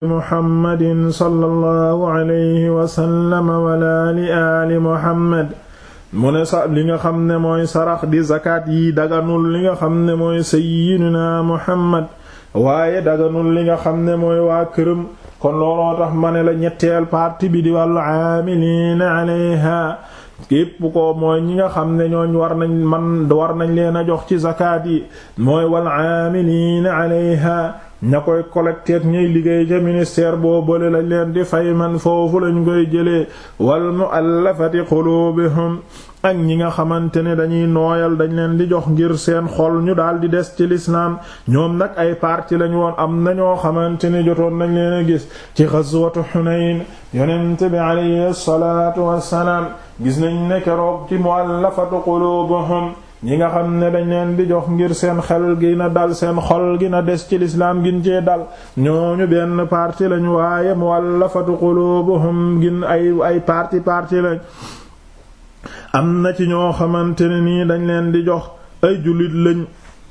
muhammadin sallallahu alayhi wasallam wala li muhammad sa li nga xam ne mooy sarax di zakat yi daganul li nga xam ne mooy sayyidina muhammad waaye daganul li nga xam ne mooy waa këram kon looloo tax ma la ñetteel parti bi di wàllu aamiliina alayha képp ko mooy ñi nga xam ne ñooñ war nañ man nañ leen a jox ci zakat yi mooy wal aamiliina alayha ña koy collecté ak ñay liggéey ca ministère boobale lañ leen di fay man foofu lañ koy jëlee wal mu'allafati qulubuhum ak ñi nga xamante ne dañuy nooyal dañ leen di jox ngir seen xol ñu daal di des ci lislaam ñoom nag ay parti lañ woon am na ñoo xamante ne jotoon nañ leen a gis ci ghazwatu Hunayn yonent bi alayhi salaatu wassalaam gis nañ ne keroog ci mu'allafati qulubuhum ñi nga xam ne dañ leen di jox ngir seen xel gi na dal seen xol gi na des ci lislaam gin cee dal ñooñu benn parti lañu waaye muwallafatu qulubuhum gin ay ay parti parti lañ am na ci ñoo xamante ne nii dañ leen di jox ay jullit lañ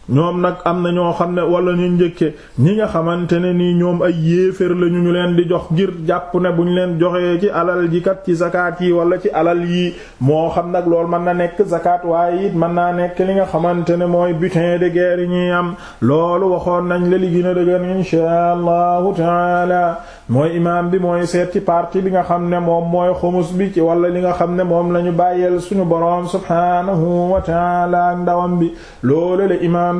ñoom nag am na ñoo xam ne wala ñu njëkke ñi nga xamante ne nii ñoom ay yéeféer lañu ñu leen di jox ngir jàpp ne bu ñu leen joxee ci alal ji kat ci zakat yi wala ci alal yi moo xam nag loolu mën na nekk zakat waaye it mën naa nekk li nga xamante ne mooy butin de guerre ñuy am loolu waxoon nañ la li gën a dëgër inshaa allahu taala mooy imaam bi mooy seet ci partie bi nga xam ne moom mooy xumus bi ci wala li nga xam ne moom la ñu bàyyeel suñu boroom subhaanahu wa taala ndawam bi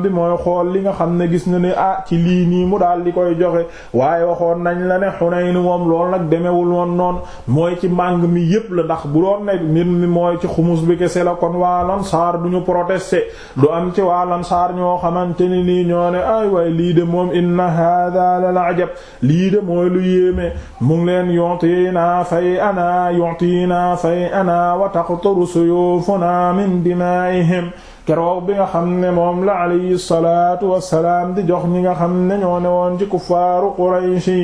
borom bi mooy xool li nga xam ne gis na ni ah ci lii nii mu daal di koy joxe waaye waxoon nañ la ne Hunayn moom lool nag demewul woon noonu mooy ci màng mi yépp la ndax bu doon ne mbir mi mooy ci xumus bi kese la kon waa Ansaar du ñu protester du am ci waa Ansaar ñoo xamante ni nii ñoo ne ay waay lii de moom inna hada la ajab lii de mooy lu yéeme mu ngi leen yu'tina fay ana yu'tina fay ana wa taqturu suyufuna min dima'ihim keroog bi nga xam ne moom la alayhi salaatu wassalaam di jox ñi nga xam ne ñoo ne woon ci kuffaaru Qurayshi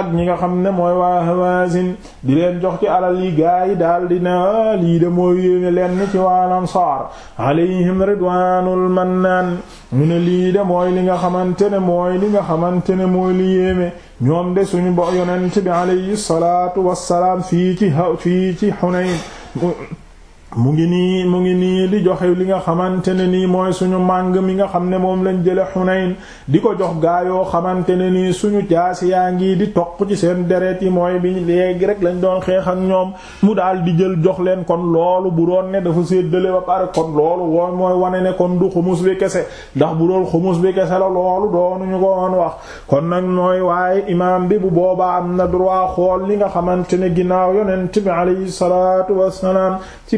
ak ñi nga xam ne mooy wa Hawaazin di leen jox ci alal yi gaa yi daal di na ah, lii de mooy yéene leen ci waa Ansaar alayhim ridwaanul mannaan ñu ne lii de mooy li nga xamante ne mooy li nga xamante ne mooy li yéeme ñoom de suñu bo yonent bi alayhi salaatu wassalaam fii ci fii ci Hunayn mu ngi nii mu ngi nii li joxe li nga xamante ne nii mooy suñu màng mi nga xam ne moom lañ jële Xunayn di ko jox gaa yoo xamante ne nii suñu jaas yaa ngi di toq ci seen deret yi mooy bi léegi rek lañ doon xeex ak ñoom mu daal di jël jox leen kon loolu bu doon ne dafa séddale ba pare kon loolu woo mooy wane ne kon du xumus bi kese ndax bu doon xumus bi kese la loolu doonuñu ko woon wax kon nag mooy waaye imaam bi bu boobaa am na droit xool li nga xamante ne ginnaaw yonent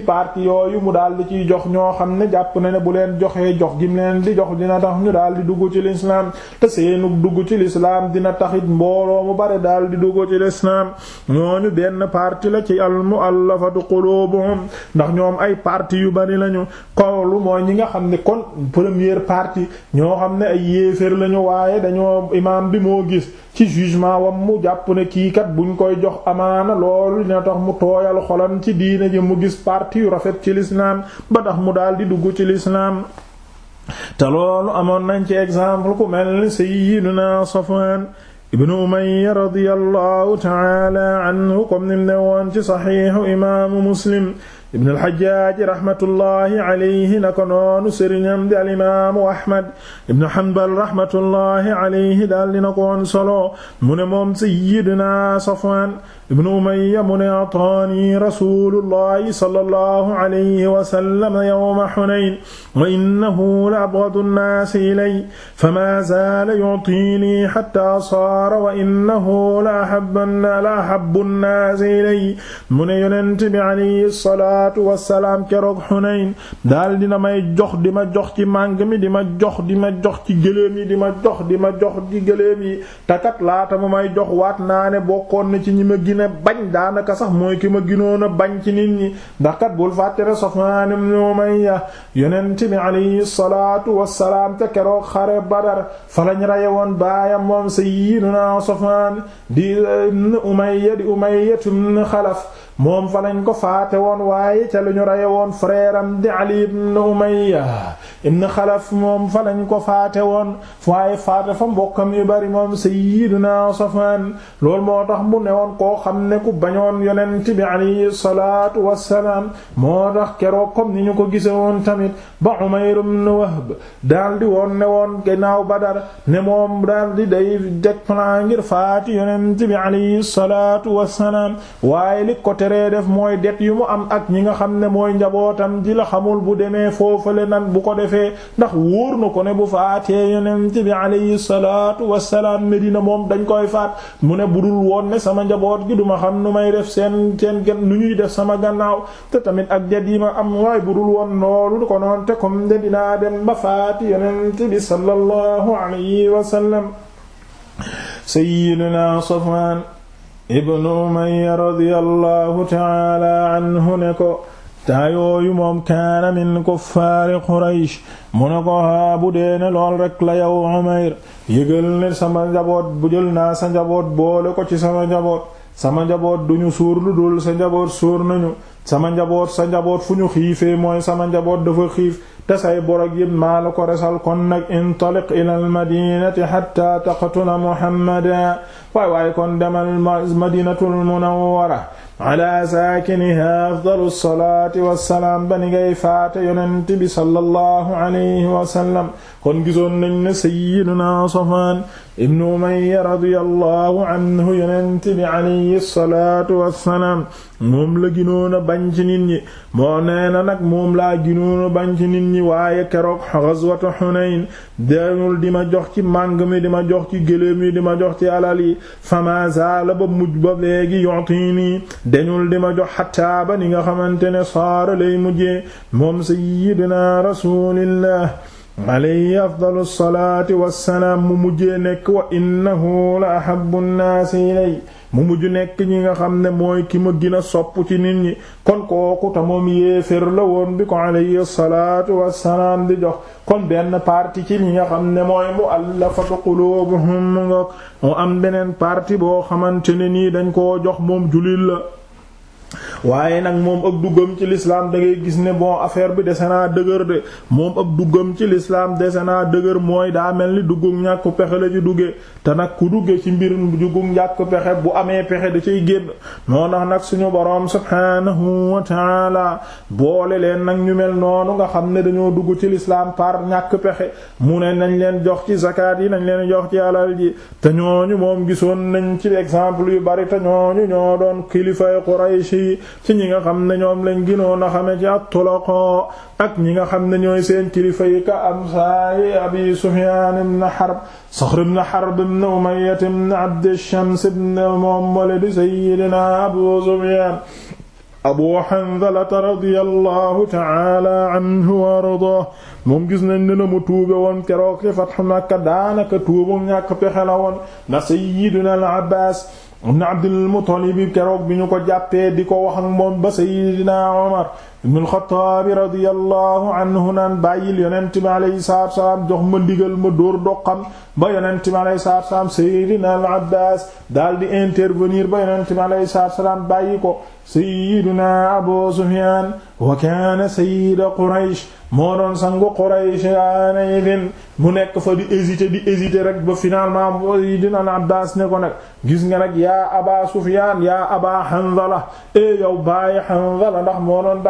bi parti yooyu mu daal di ciy jox ñoo xam ne jàpp na ne bu leen joxee jox gim leen di jox dina tax ñu daal di dugg ci lislaam te seenu dugg ci lislaam dina taxit mbooloo mu bare daal di dugg ci lislaam ñooñu benn parti la ci al muallafatu qulubuhum ndax ñoom ay parti yu bari lañu kawlu mooy ñi nga xam ne kon première partie ñoo xam ne ay yéeféer lañu waaye dañoo imaam bi moo gis ci jugement wam mu jàpp ne kii buñ koy jox amaana loolu dina tax mu tooyal rafet ci lislaam ba tax mu daal di dugg ci lislaam te loolu amoon nañ ci exemple ku mel ni sayyidina Safwan ibnu Umayya radiyallahu ta'ala anhu comme nim ne woon ci saxiixu imaamu Muslim ibn alxajaj rahmatullahi alayhi nako noonu sëriñam di alimaamu ahmad ibn hanbal rahmatullahi alayhi daal dina koon solo mu ne moom sayidna safwan ibn umayya mu ne ataani rasulullahi sallallahu alayhi wasallam yawma hunayn wa innahu la abghadu nnaasi ilay fama zaala yu'tiini hatta saara wa innahu la ahabbu nnaasi ilay mu ne yonent bi alayhi salaatu salaatu wassalaam keroog xunayn daal dina may jox di ma jox ci màng mi di ma jox di ma jox ci gëléem yi di ma jox di ma jox ci gëléem yi takat laata mu may jox naa ne bokkoon na ci ñi gina bañ daanaka sax mooy ki ma ginoon a bañ ci nit ñi ndax kat bul fàttere Safwaan ibn Umayya yonent bi alayhi salaatu wassalaam te keroog xare Badar fa lañ reyewoon di ibn Umayya di Umayya Xalaf moom fa lañ ko faate woon waaye ca lu ñu reye woon frère am di Ali ibn Umayya ibn Xalaf moom fa ko faate woon waaye faate fa mbokkam yu bari moom sayyidina Safwan loolu moo tax ne woon koo xam ne ku bañoon yonent bi alayhi salaatu wassalaam moo tax keroog comme ni ñu ko gise woon tamit ba Umayr ibn Wahb daldi woon ne woon ginnaaw Badar ne moom daldi day deg plan ngir faati yonent bi alayhi salaatu wassalaam waaye li ko teree def mooy det yi mu am ak ñi nga xam ne mooy njabootam ji la xamul bu demee foofale nan bu ko defee ndax wóor na ko ne bu faatee yonent bi alayhi salaatu wassalaam Medina moom dañ koy faat mu ne budul woon ne sama njaboot gi duma xam nu may def seen seen gen nu ñuy def sama gannaaw te tamit ak det yi ma am waay budul woon loolu ko noon te comme de dinaa dem ba faati yonent bi sallallahu alayhi wasallam sayyidina Safwan ibnu umayya radiyallahu taala anhu ne ko taa yooyu moom kaana min kuffaari quraysh mu ne ko haa bu deene lool rek la yow umayr yëgal ne sama njaboot bu jël naa sa njaboot boole ko ci sama njaboot sama njaboot duñu suur lu dul sa njaboot suur nañu sama njaboot sa njaboot fu ñu xiifee mooy sama njaboot dafa xiif te say borog yépp maa la ko resal kon nag intaliq ila al madinati xatta taqtula muhammadan waay waaye kon demal madinatul munawwara ala saakiniha afdalu salaati wassalaam ba ni ngay faate yonent bi sallallahu alayhi wa sallam kon gisoon nañ ne sayyiduna Safwan ibnu Umayya radiyallahu anhu yonent bi alayhi moom la ginoon a bañ ci nit na nag moom laa ginoon a bañ ci nit ñi waaye keroog di ma jox ci màng mi di ma jox ci gëléem yi di ma jox ci alal yi fama zaala ba mujj ba léegi yu'tini dañul di ma jox xattaa ba ni nga xamante ne saara muj mujjee moom sayyidina rasulillah alayhi afdalu salaati wassalaam mu mujjee nekk wa innahu la ahabbu nnaasi mu mujj nekk ñi nga xam ne mooy ki ma gën a sopp ci nit ñi kon kooku ta moom yéefér la woon bi ko alayhi salaatu di jox kon benn partie ci ñi nga xam ne mooy mu'allafatu mu am beneen partie boo xamante ne nii dañ koo jox moom julil la waaye nag moom ak duggam ci lislaam da gis ne bon affaire bi dese naa dëgër de moom ak duggam ci lislaam dese naa dëgër mooy daa mel ni duggug ñàkk pexe la ci dugge te nag ku dugge ci mbir duggug ñàkk pexe bu amee pexe da ciy génn moo tax nag suñu boroom subhanahu wa taala boole leen nag ñu mel noonu nga xam ne dañoo dugg ci lislaam par ñàkk pexe mu ne nañ leen jox ci zakat yi nañ leen jox ci alal ji te ñooñu moom gisoon nañ ci exemple yu bari yi ci ñi nga xam ne ñoom lañ ginoon a xame ci at-tulaqa ak ñi nga xam ne ñooy seen kilifa yi ka am saay abi Sufyaan ibn Harb Saxr ibn Harb ibn Abu Sufyaan Abu Hanzalata radiyallahu ta'ala anhu wa ardaahu moom gis nañ na mu tuube woon keroog ci Fathu Makka daanaka tuubu ñàkk pexe na sayyidina al-Abbaas ibn Abdul Muttalib keroog bi ñu ko jàppee di ko wax ak moom ba Seydina Omar ibn al-Khattab radiyallahu anhu naan bàyyil yonent bi alayhi salaatu wa salaam jox ma ndigal ma dóor doqam ba yonent mi alayhi salaatu salaam Seydina al Abbaas daal di intervenir ba yonent mi alayhi salaatu salaam bàyyi ko Seydina Abu Sufyaan wa kaana sayyida Quraysh moo doon sangu Quraysh aanayhin mu nekk fa di hésiter di hésiter rek ba finalement Seydina al Abbaas ne ko nag gis nga nag ya Aba Sufyaan yaa Aba Hanzala e yow bàyyi Hanzala ndax moo doon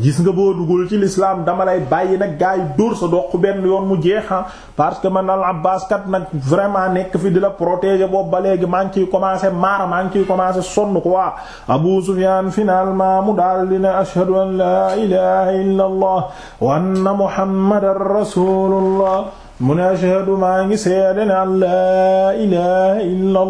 gis nga boo duggul ci lislaam dama lay bàyyi nag gaa yi dóor sa doq benn yoon mu jeexa ah. parce que man al Abbas kat nag vraiment nekk fi di la protéger boobu ba léegi maa ngi ciy commencé maar maa ngi ciy commencé sonn quoi Abu Sufyan finalement mu daal di ne ashhadu an la ilaha illa allah wa mu ngi seede ne an la ilaha illa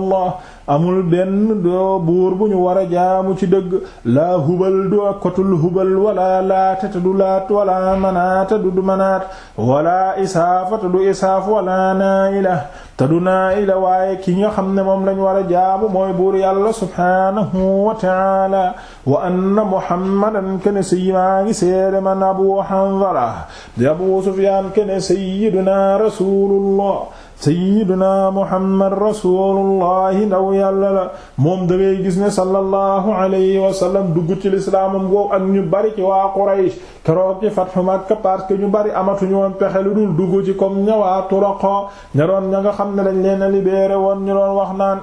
amul benn doo buur bu ñu war a jaamu ci dëgg laa hubal du akkatul hubal wala laatata du laat wala manaata du manaat wala isaafata du isaaf wala naila te du naila waaye ki nga xam ne moom lañ war a jaamu mooy buur yàlla subhanahu wa taala wa anna muhammadan kene sayi maa ngi seede man abu hanzala di abu sufyaan kene sayyiduna rasulullah sayyiduna muhammad rasulullahi ndaw yàlla la moom da ngay gis ne sallallahu alayhi wa sallam dugg ci lislaamam ak ñu bari ci waa Quraysh keroog ci fathu Makka parce que ñu bari amatuñu woon pexe lu dul dugg ci comme ña waa Turaqa ña doon ña nga xam ne dañ leen a libéré ñu doon wax naan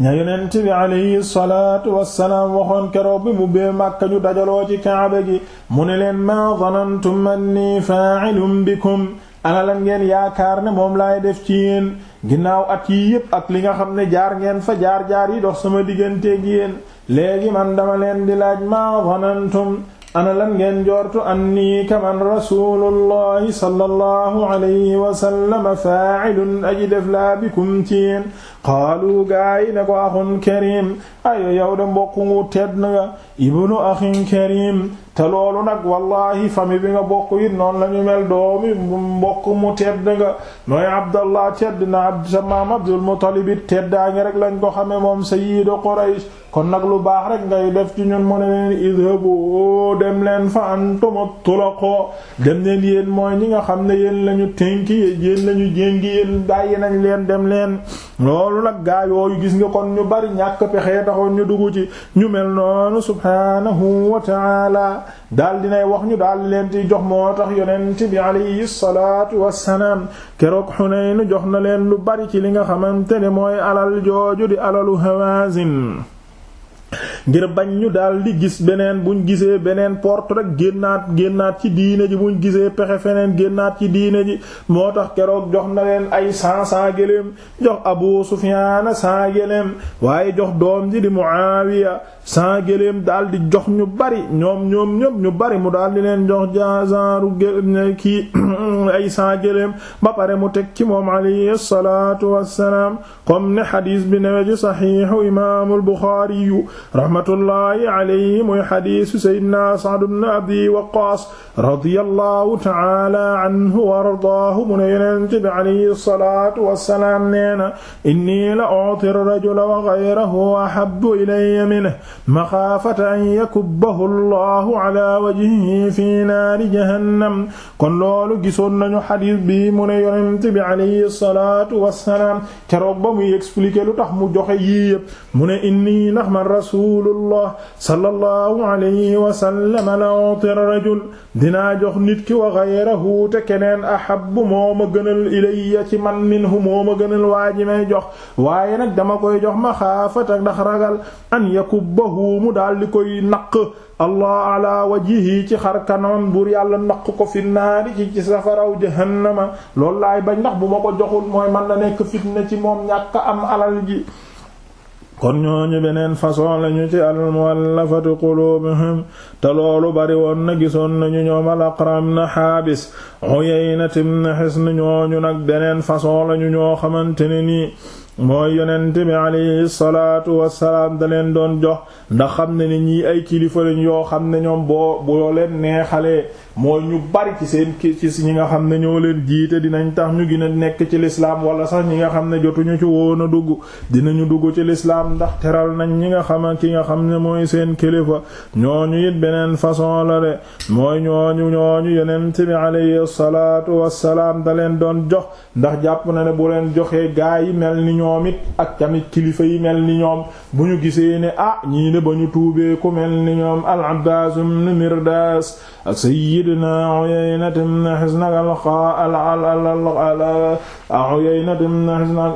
ña yonent bi alayhi salaatu wassalaam waxoon keroog bi mu bee màkka ñu dajaloo ci kaaba mu ne leen ma zanantum anni fa'ilun bikum ana lan ngeen yaakaar ne moom laay def ci yéen ginnaaw at yi yépp ak li nga xam ne jaar ngeen fa jaar-jaar yi dox sama digganteeg yéen léegi man dama leen di laaj ma zanantum ana lan ngeen joortu annii kaman rasulullahi sallallahu alayhi wasallama fa'ilun aji def laa bikum ci yéen qaalu gaa yi ne ko axun karim ayo yow de mbokk ngu tedd nga ibnu akhin karim te loolu nag wallahi fami bi nga bokk it noonu lañu ñu mel doomi mbokk mu tedd nga nooy abdallah tedd na abd sa maam abdul muttalib it teddaa ngi rek lañ ko xame moom sayyidu quraysh kon nag lu baax rek ngay def ci ñun mu ne leen idhabu dem leen fa antum tulaqo dem leen yéen mooy ñi nga xam ne yéen lañu ñu tënki yéen la ñu jéngi yéen nañ leen dem leen loolu nag gaa yooyu gis nga kon ñu bari ñàkk pexee taxoon ñu dugg ci ñu mel noonu subhanahu wa taala daal dinay wax ñu daal di leen di jox moo tax yonent bi alayhi salaatu wassalaam keroog Xunayn jox na leen lu bari ci li nga xamante ne mooy alal jooju di alalu Hawaazin ngir bañ ñu daal di gis beneen buñ gisee beneen porte rek génnaat génnaat ci diine ji buñ gisee pexe feneen génnaat ci diine ji moo tax keroog jox na leen ay cent cent géléem jox Abu Sufyaan cent géléem waaye jox doom ji di Muawiya cent géléem daal di jox ñu bari ñoom ñoom ñoom ñu bari mu daal di leen jox jaazaru géléem kii muy ay sangeleem ba pare mu teg ci moom alayhi salaatu wassalaam comme ne xadis bi newe ci saxiixu imaamul buxaari yu rahmatullahi alayhi muy xadisu sayyidina Sa'd ibn Abi Waqqaas radiyallahu ta'ala anhu wa ardaahu mu ne yonent bi alayhi salaatu wassalaam nee na inni la u'ti rajula wa ghayruhu ahabbu ilayya minhu maxaafata an yakubbahu Allahu ala wajhihi fi naari jahannam kon loolu gisoon nañu xadiis bi mu ne yonent bi alayhi salaatu wassalaam keroog ba muy expliquer lu tax mu joxe yii yëpp mu ne inni ndax man rasulullah sallallahu alayhi wa sallam la uti rajul dinaa jox nit ki wa ghayrahu te keneen ahabbu moo ma gënal ilayya ci man minhu moo a gën waa ji may jox waaye nag dama koy jox ma xaafata ndax ragal an yakubbahu mu daal di koy naq allah ala wajihi ci xarkanoon kanamam buur yàlla naq ko fi naari ci ci safaraw jahannama loolu laay bañ ndax bu ma ko joxul mooy man la nekk fitna ci moom ñàkk am alal ji kon ñooñu beneen façon lañu ci almuwallafatu qulubuhum te loolu bari woon na gisoon nañu ñoom al-Aqram na Haabis Uyayna ibn Hisn ñooñu nag beneen façon lañu ñoo xamante ne nii mooy yonent bi alayhi salaatu wassalaam da leen doon jox ndax xam ne ni ñii ay kilifa lañ yoo xam ne ñoom boo boo leen neexalee mooy ñu bari ci seen ki ci ñi nga xam ne ñoo leen jiite dinañ tax ñu gën a nekk ci lislaam wala sax ñi nga xam ne jotuñu ci woon dugg dina ñu dugg ci lislaam ndax teral nañ ñi nga xama ki nga xam ne mooy seen kilifa ñooñu it beneen façon la de mooy ñooñu ñooñu yonent bi alayhi salaatu wassalaam da leen doon jox ndax jàpp na ne bu leen joxee gaa yi mel ni ñoom it ak tamit kilifa yi mel ni ñoom ne ba ñu tuubee ku mel ni ñoom al-Abbaas ibn Mirdaas ak sayyidina Uyayna ibn Hisn ak al Uyayna ibn Hisn ak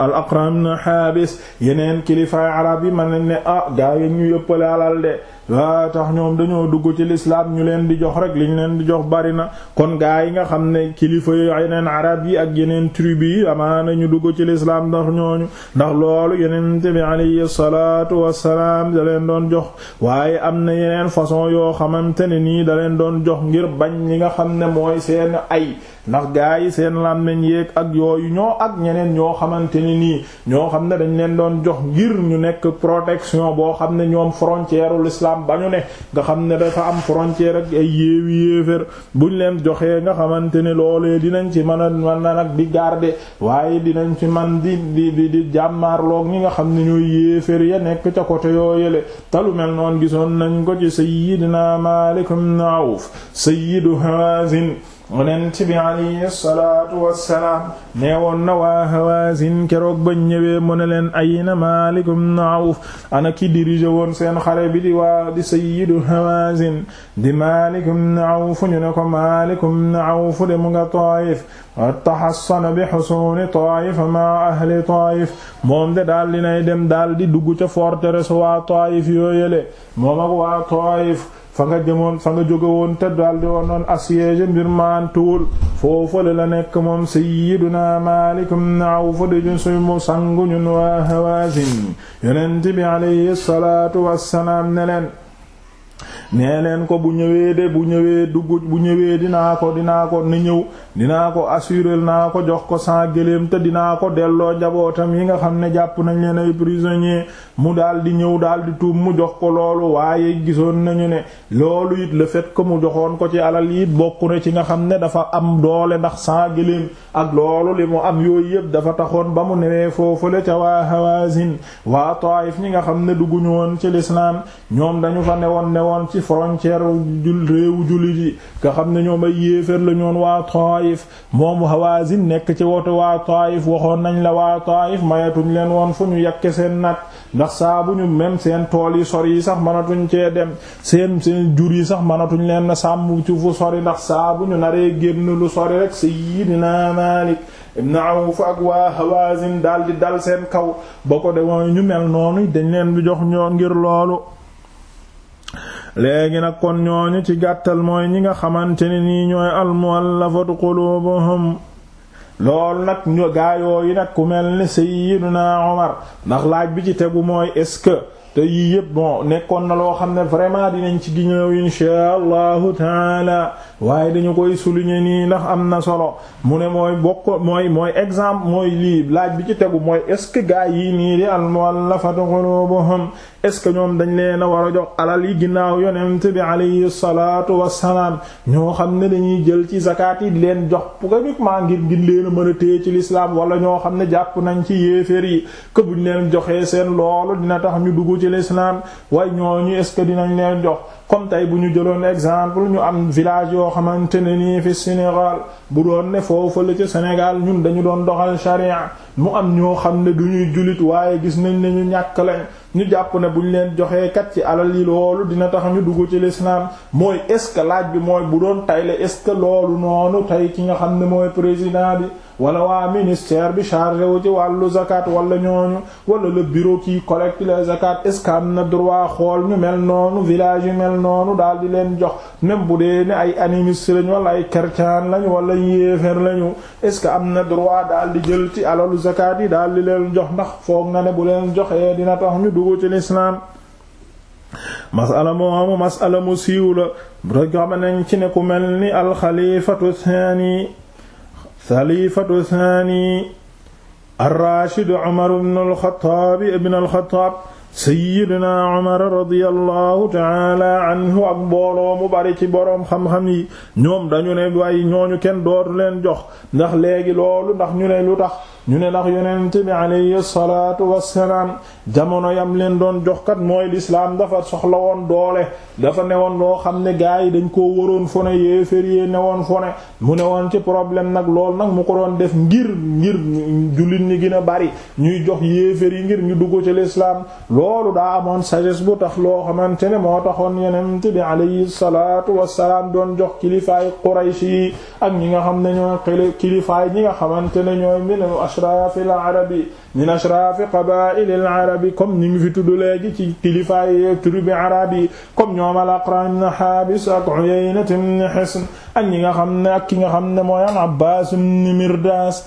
al Aqra ibn Haabis yeneen kilifaay arab yi man ne ah gaa yi ñu yëppale alal de waa tax ñoom dañoo dugg ci lislaam ñu leen di jox rek li ñu leen di jox bari na kon gaa yi nga xam ne kilifa yeneen arab yi ak yeneen tribu yi amaana ñu dugg ci lislaam ndax ñooñu ndax loolu yenente bi alayhi salaatu wassalaam da leen doon jox waaye am na yeneen façon yoo xamante ne nii da leen doon jox ngir bañ li nga xam ne mooy seen ay ndax gaa yi seen làmmeñ yeeg ak yooyu ñoo ak ñeneen ñoo xamante ni nii ñoo xam ne dañ leen doon jox ngir ñu nekk protection boo xam ne ñoom frontière l'islam lislaam ba ñu ne nga xam ne dafa am frontière ak ay yéewi yéefér buñ leen joxee nga xamante ne loolee dinañ ci mën a mën na nag bi garder waaye dinañ ci man di di di di jàmmaarloog ñi nga xam ne ñooy yéefér ya nekk ca côté yooyele te lu mel noon gisoon nañ ko ci sayyidina Maalik ibn Awf sayyidu Hawaazin yonent bi alayhi salaatu wassalaam nee woon na waa Hawaazin keroog ba ñëwee mu ne leen ayna Maalik ibn Awf ana ki dirige woon seen xare bi di waa di sayyidu Hawaazin di Maalik ibn ñu ne ko Maalik ibn Awf de mu nga Taayif bi husuuni Taayif ma ahli Taayif moom de daal dinay dem daal di dugg ca forteresse waa Taayif yooyale moom waa Taayif fa nga jëmoon fa nga jóge woon te daldi woon noon assiégé foofale la nekk moom sayyiduna Maalik ibn Awf dëju mo sangu ñun waa Hawaazin yonent alayhi salaatu wassalaam ne nee leen ko bu ñëwee de bu ñëwee dugg bu ñëwee dinaa ko dinaa ko na ñëw dinaa ko assurer naa ko jox ko sant gëléem te dinaa ko delloo njabootam yi nga xam ne jàpp nañ leen ay prisonnier mu daal di ñëw daal di tuub mu jox ko loolu waaye gisoon nañu ne loolu it la fait que mu joxoon ko ci alal yi bokku na ci nga xam ne dafa am doole ndax sans gëléem ak loolu li mu am yooyu yëpp dafa taxoon ba mu newee foofule ca waa Hawazin waa Taif ñi nga xam ne dugguñu woon ci l'islam ñoom dañu fa newoon newoon ci frontière jul réewu jullit yi nga xam ne ñoom ay yéeféer la waa Taayif moom Hawaazin nekk ci woto waa Taayif waxoon nañ la waa Taayif mayatuñ leen woon fu ñu yàkke seen nag ndax saabu ñu même seen tool yi sori yi sax mënatuñ cee dem seen seen jur yi sax mënatuñ leen na sàmm ci fu sori ndax saa ñu naree génn lu sori rek Sayyidina na ibn Awf ak waa Hawaazin daal di dal seen kaw ba ko de ñu mel noonu dañ leen bi jox ñoo ngir loolu léegi nag kon ñoo ñooñu ci gàttal mooy ñi nga xamante ne nii ñooy almuwallafatu qulubuhum loolu nag ñu gaayoo yi nag ku mel ni Sayyiduna Umar ndax laaj bi ci tegu mooy est-ce que te yii yëpp bon nekkoon na loo xam ne vraiment dinañ ci giñëw inshaa Allahu taala waaye dañu koy souligner nii ndax am na solo mu ne mooy bokk mooy mooy exemple mooy lii laaj bi ci tegu mooy est-ce que gaa yii nii di al-mu'allafatu qulubuhum est-ce que ñoom dañu leen a war a jox alal yi ginnaaw yonent bi alayhi salaatu wassalaam ñoo xam ne dañuy jël ci zakat yi leen jox maa ngir ngir leen a mën a téye ci lislaam wala ñoo xam ne jàpp nañ ci yéeféer yi que buñ leen joxee seen loolu dina tax ñu dugg ci l'islam way ñoo ñu ce dinañ leen jox comme tey bu ñu jëloon exemple ñu am village yoo xamante ne nii fi Sénégal bu doon ne foofu la ca Sénégal ñun dañu doon doxal charia mu am ñoo xam ne du ñuy jullit waaye gis nañ ne ñu ñàkk lañ ñu jàpp ne bu ñu leen joxee kat ci alal yi loolu dina tax ñu dugg ci l'islam mooy est-ce que laaj bi mooy bu doon tay la est-ce que loolu noonu tey ki nga xam ne mooy président bi wala waa ministère bi chargé wu ci wàllu zakat wala ñooñu wala le bureau qui collecte les zakat est-ce am na droit xool ñu mel noonu village yu mel noonu daal di leen jox même bu dee ne ay animistes ñu wala ay chrétiens lañu wala yéefar lañu est-ce que am na droit daal di jël ci alalu zakat yi daal di leen jox ndax foog na ne bu leen joxee dina dugg ci lislaam masala moo masala mu siiw la ragama nañ ci ne ku mel ni alxalifatu thani xalifatu thani ar-rashid umar ibn al-khattab ibn al-khattab sayyidina umar radiyallahu ta'ala anhu ak mbooloo mu bari ci boroom xam-xam yi ñoom dañu ne waaye ñooñu kenn dootu leen jox ndax léegi loolu ndax ñu ne lu tax ñu ne ndax yonent bi alayhi salaatu wassalaam jamono yam leen doon jox kat mooy lislaam dafa soxla woon doole dafa newoon loo xam ne gars yi dañ koo waroon fone yéefér yee newoon fone mu woon ci problème nag lool nag mu ko doon def ngir ngir jullit ñi gën a bari ñuy jox yéefér yi ngir ñu dugg ci lislaam loolu daa amoon sagesse bu tax loo xamante ne moo taxoon yenent bi alayhi salaatu wassalaam doon jox kilifaay Quraysh yi ak ñi nga xam ne ñooy kilifaay ñi nga xamante ne ñooy min ashrafil arabi min ashrafi arab yi comme ngi fi tudd léegi ci kilifaay tribu arab yi comme ñoom al Aqra ibn Habis ak Uyayna ibn Hisn ak ñi nga xam ne ak ki nga xam ne mooy al Abbas ibn Mirdas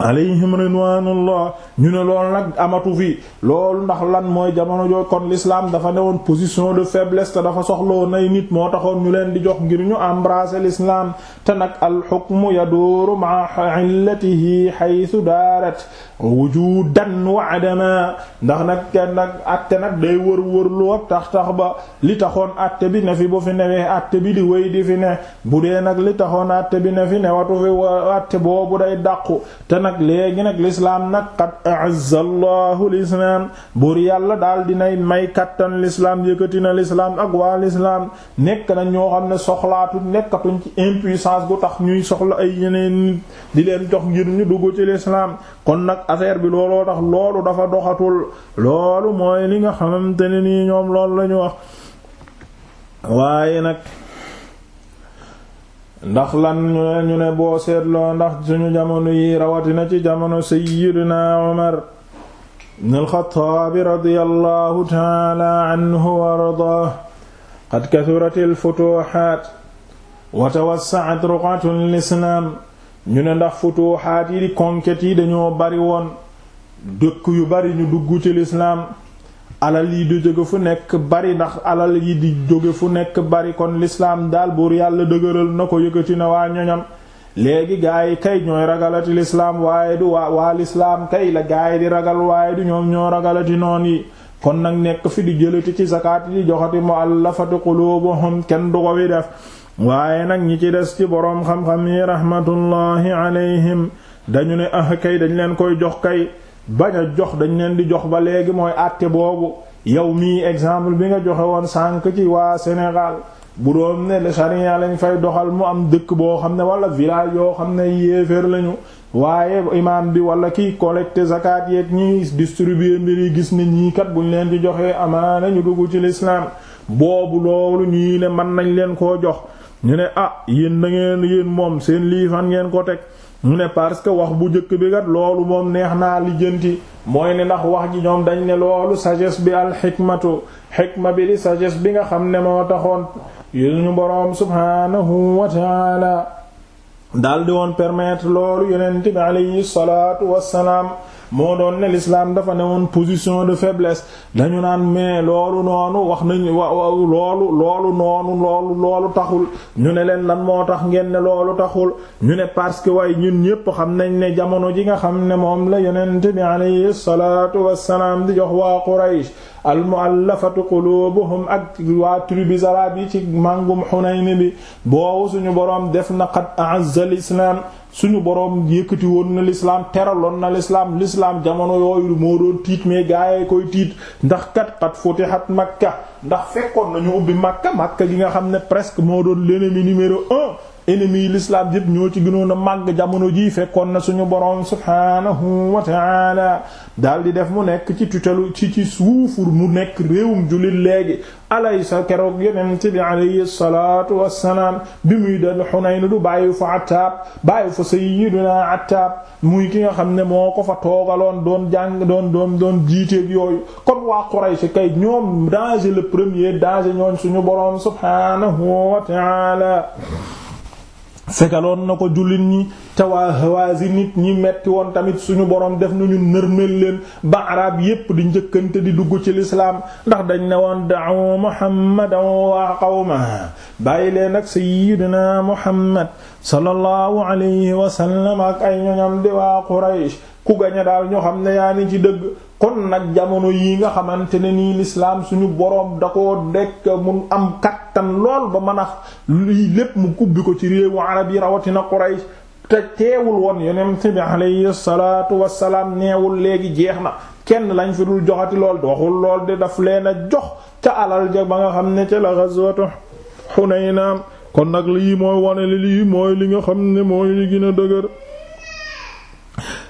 alayhim ridwanullah ñu ne loolu nag amatu fi loolu ndax lan mooy jamono joo kon lislaam dafa newoon position de faiblesse te dafa soxloo nay nit moo taxoon ñu leen di jox ngir ñu embrasser l'islam te nag al hukmu yaduuru ma'a illatihi haythu daarat wujudan wa adama ndax nag kenn nag atte nag day wër wër lu ak tax tax ba li taxoon atte bi ne fi bu fi newee atte bi di wéy di fi ne bu dee nag li taxoon atte bi ne fi newatu fi atte boobu day dàqu te nag nag léegi nag lislaam nag qad a'azza allahu lislaam buur yàlla daal dinay may kattan lislaam yëkkati na lislaam ak waa lislaam nekk na ñoo xam ne soxlaatu nekkatuñ ci impuissance gu tax ñuy soxla ay yeneen nit di leen jox ngir ñu dugg ci lislaam kon nag affaire bi looloo tax loolu dafa doxatul loolu mooy li nga xamante ne nii ñoom loolu la wax waaye nag ndax lan ñu ne boo seetloo ndax suñu jamono yi rawatina ci jamono sayyidina Umar ibn al-Khattab radiyallahu ta'ala anhu wa ardaah qad kathurat al-futuhaat wa tawassa'at ruqatu ñu ne ndax futuhaat yi di conquêtes yi dañoo bari woon dëkk yu bari ñu dugg ci alal yi di jóge fu nekk bari ndax alal yi di jóge fu nekk bari kon lislaam daal buur yàlla dëgëral na ko yëkkati na waa ñoñam léegi gaa yi kay ñooy ragalati lislaam waaye du waa waa lislaam kay la gaa yi di ragal waaye du ñoom ñoo ragalati noon yi kon nag nekk fi di jëlati ci zakaat yi joxati mu'allafati qulubuhum kenn du ko wi def waaye nag ñi ci des ci boroom xam-xam yi rahmatullahi alayhim dañu ne ah kay dañu leen koy jox kay bañ a jox dañ leen di jox ba léegi mooy àtte boobu yow mii exemple bi nga joxe woon sànq ci waa Sénégal bu doon ne charia lañ fay doxal mu am dëkk boo xam ne wala village yoo xam ne yéeféer lañu waaye imaam bi wala kiy collecte zakat yeeg ñiy distribuer mbir yi gis ne ñii kat buñ leen di joxee amaana ñu dugg ci l'islam boobu loolu ñii ne mën nañ leen koo jox ñu ne ah yéen da ngeen yéen moom seen lii fan ngeen ko teg. mu ne parce que wax bu njëkk bi kat loolu moom neex naa lijjanti mooy ne ndax wax ji ñoom dañ ne loolu sagesse bi alxikmatu xikma bi di sagesse bi nga xam ne moo taxoon yu ñu boroom subhaanahu wa daldi woon permettre loolu yonent bi alayhi salaatu wassalaam moo doon ne l'islam dafa ne woon position de faiblesse dañu naan mais loolu noonu wax nañu wa loolu loolu noonu loolu loolu taxul ñu ne leen lan moo tax ngeen ne loolu taxul ñu ne parce que waaye ñun ñépp xam nañ ne jamono ji nga xam ne moom la yonent bi alayhi salaatu wassalaam di jox waa Quraysh almuallafatu qulubuhum ak waa tribus arabes yi ci màngum Hunayn bi boo suñu boroom def na qad a'azza al suñu boroom yëkkati woon na lislaam teraloon na lislaam lislaam jamono yooyu moo doon tiit mais gaayee koy tiit ndax kat xat futihat makka ndax fekkoon nañu ubbi makka makka gi nga xam ne presque moo doon l'ennemi numéro un ennemis yi l'islam yëpp ñoo ci gënoon a màgg jamono jii fekkoon na suñu boroom subhaanahu wa taala daal di def mu nekk ci tutelu ci ci suufur mu nekk réewum jullit léegi alay sa keroog yonent bi alayhi salaatu wassalaam bi muy dal Hunayn du bàyyi fa Attaab bàyyi fa sayyiduna Attaab muy ki nga xam ne moo ko fa toogaloon doon jàng doon doon doon jiiteeg yooyu kon waa Quraysh kay ñoom danger le premier danger ñooñ suñu boroom subhaanahu wa segaloon na ko jullit ñi te waa Hawazin nit ñi metti woon tamit suñu boroom def nañu nërmeel leen ba araab yépp di njëkkante di dugg ci lislaam ndax dañ ne woon da'u Muhammadan wa qawmahu bàyyi leen ak sayyidina Muhammad sallallahu alayhi wa ak ay ñoñam di waa Quraysh ku gañe daal ñoo xam ne yaa ni ci dëgg kon nag jamono yi nga xamante ne nii lislaam suñu boroom da ko dekk mu am kattan lool ba mën a lii lépp mu gubbi ko ci réewu arab yi rawatina Quraysh te teewul woon yonent bi alayhi salaatu wassalaam neewul léegi jeex na kenn lañ fi dul joxati lool waxul lool de daf leen a jox ca alal ja ba nga xam ne ca la ghazwatu Hunayn kon nag lii mooy wone li lii mooy li nga xam ne mooy li gën a dëgër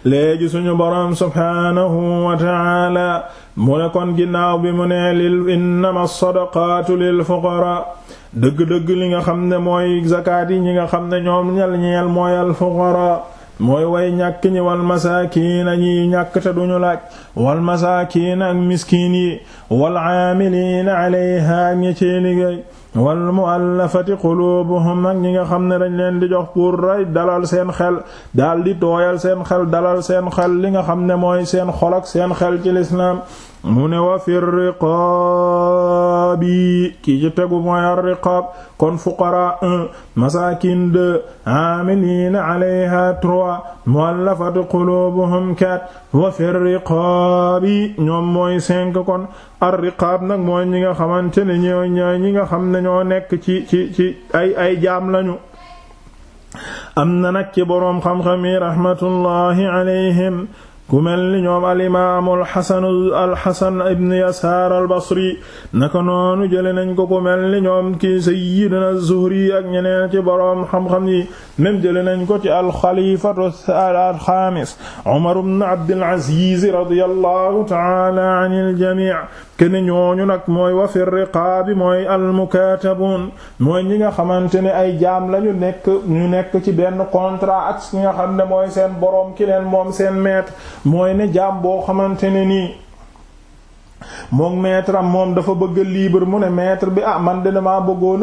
léegi suñu boroom subhaanahu wa ta'ala mu ne kon ginnaaw bi mu ne lil innama sadaqaatu lil fuqara dëgg-dëgg li nga xam ne mooy zakaat yi ñi nga xam ne ñoom ñal ñeel mooy al fuqara mooy way ñàkk ñi wal masaakiina ñi ñàkk te duñu laaj wal masaakiina ak miskiin yi wal aamiliina alayha ñi ci liggéey mu wal muallafati qulubuhum nag ñi nga xam ne dañ leen di jox pour rey dalal seen xel daal di tooyal seen xel dalal seen xel li nga xam ne mooy seen xol seen xel ci lislaam mu ne wa fi riqaabi kii ci tegu mooy ar-riqaab kon fuqaraa un masaakin deux aamiliina alayha trois mu'allafati quluubuhum quatre wa riqaabi ñoom mooy cinq kon ar-riqaab nag mooy ñi nga xamante ne ñoo ñi nga xam ne ñoo nekk ci ci ci ay ay jaam lañu am na nag ci boroom xam-xam yi rahmatullahi ku mel ni ñoom al imaamu alxasan alxasan ibn yasaar albasri naka noonu jële nañ ko ku mel ni ñoom ki sayyidina zuhri ak ñeneen ci boroom xam-xam yi même jële nañ ko ci alxalifatu alxaamis umar ibn abdul aziz radiyallahu ta'ala anil jamii kene ñooñu nag mooy wa fi riqaabi mooy almukaatabuun mooy ñi nga xamante ne ay jaam lañu nekk ñu nekk ci benn contrat ak si nga xam ne mooy seen boroom ki leen moom seen maître mooy ne jaam boo xamante ne nii moom maître moom dafa bëgg libre mu ne maître bi ah man de damaa bëggoon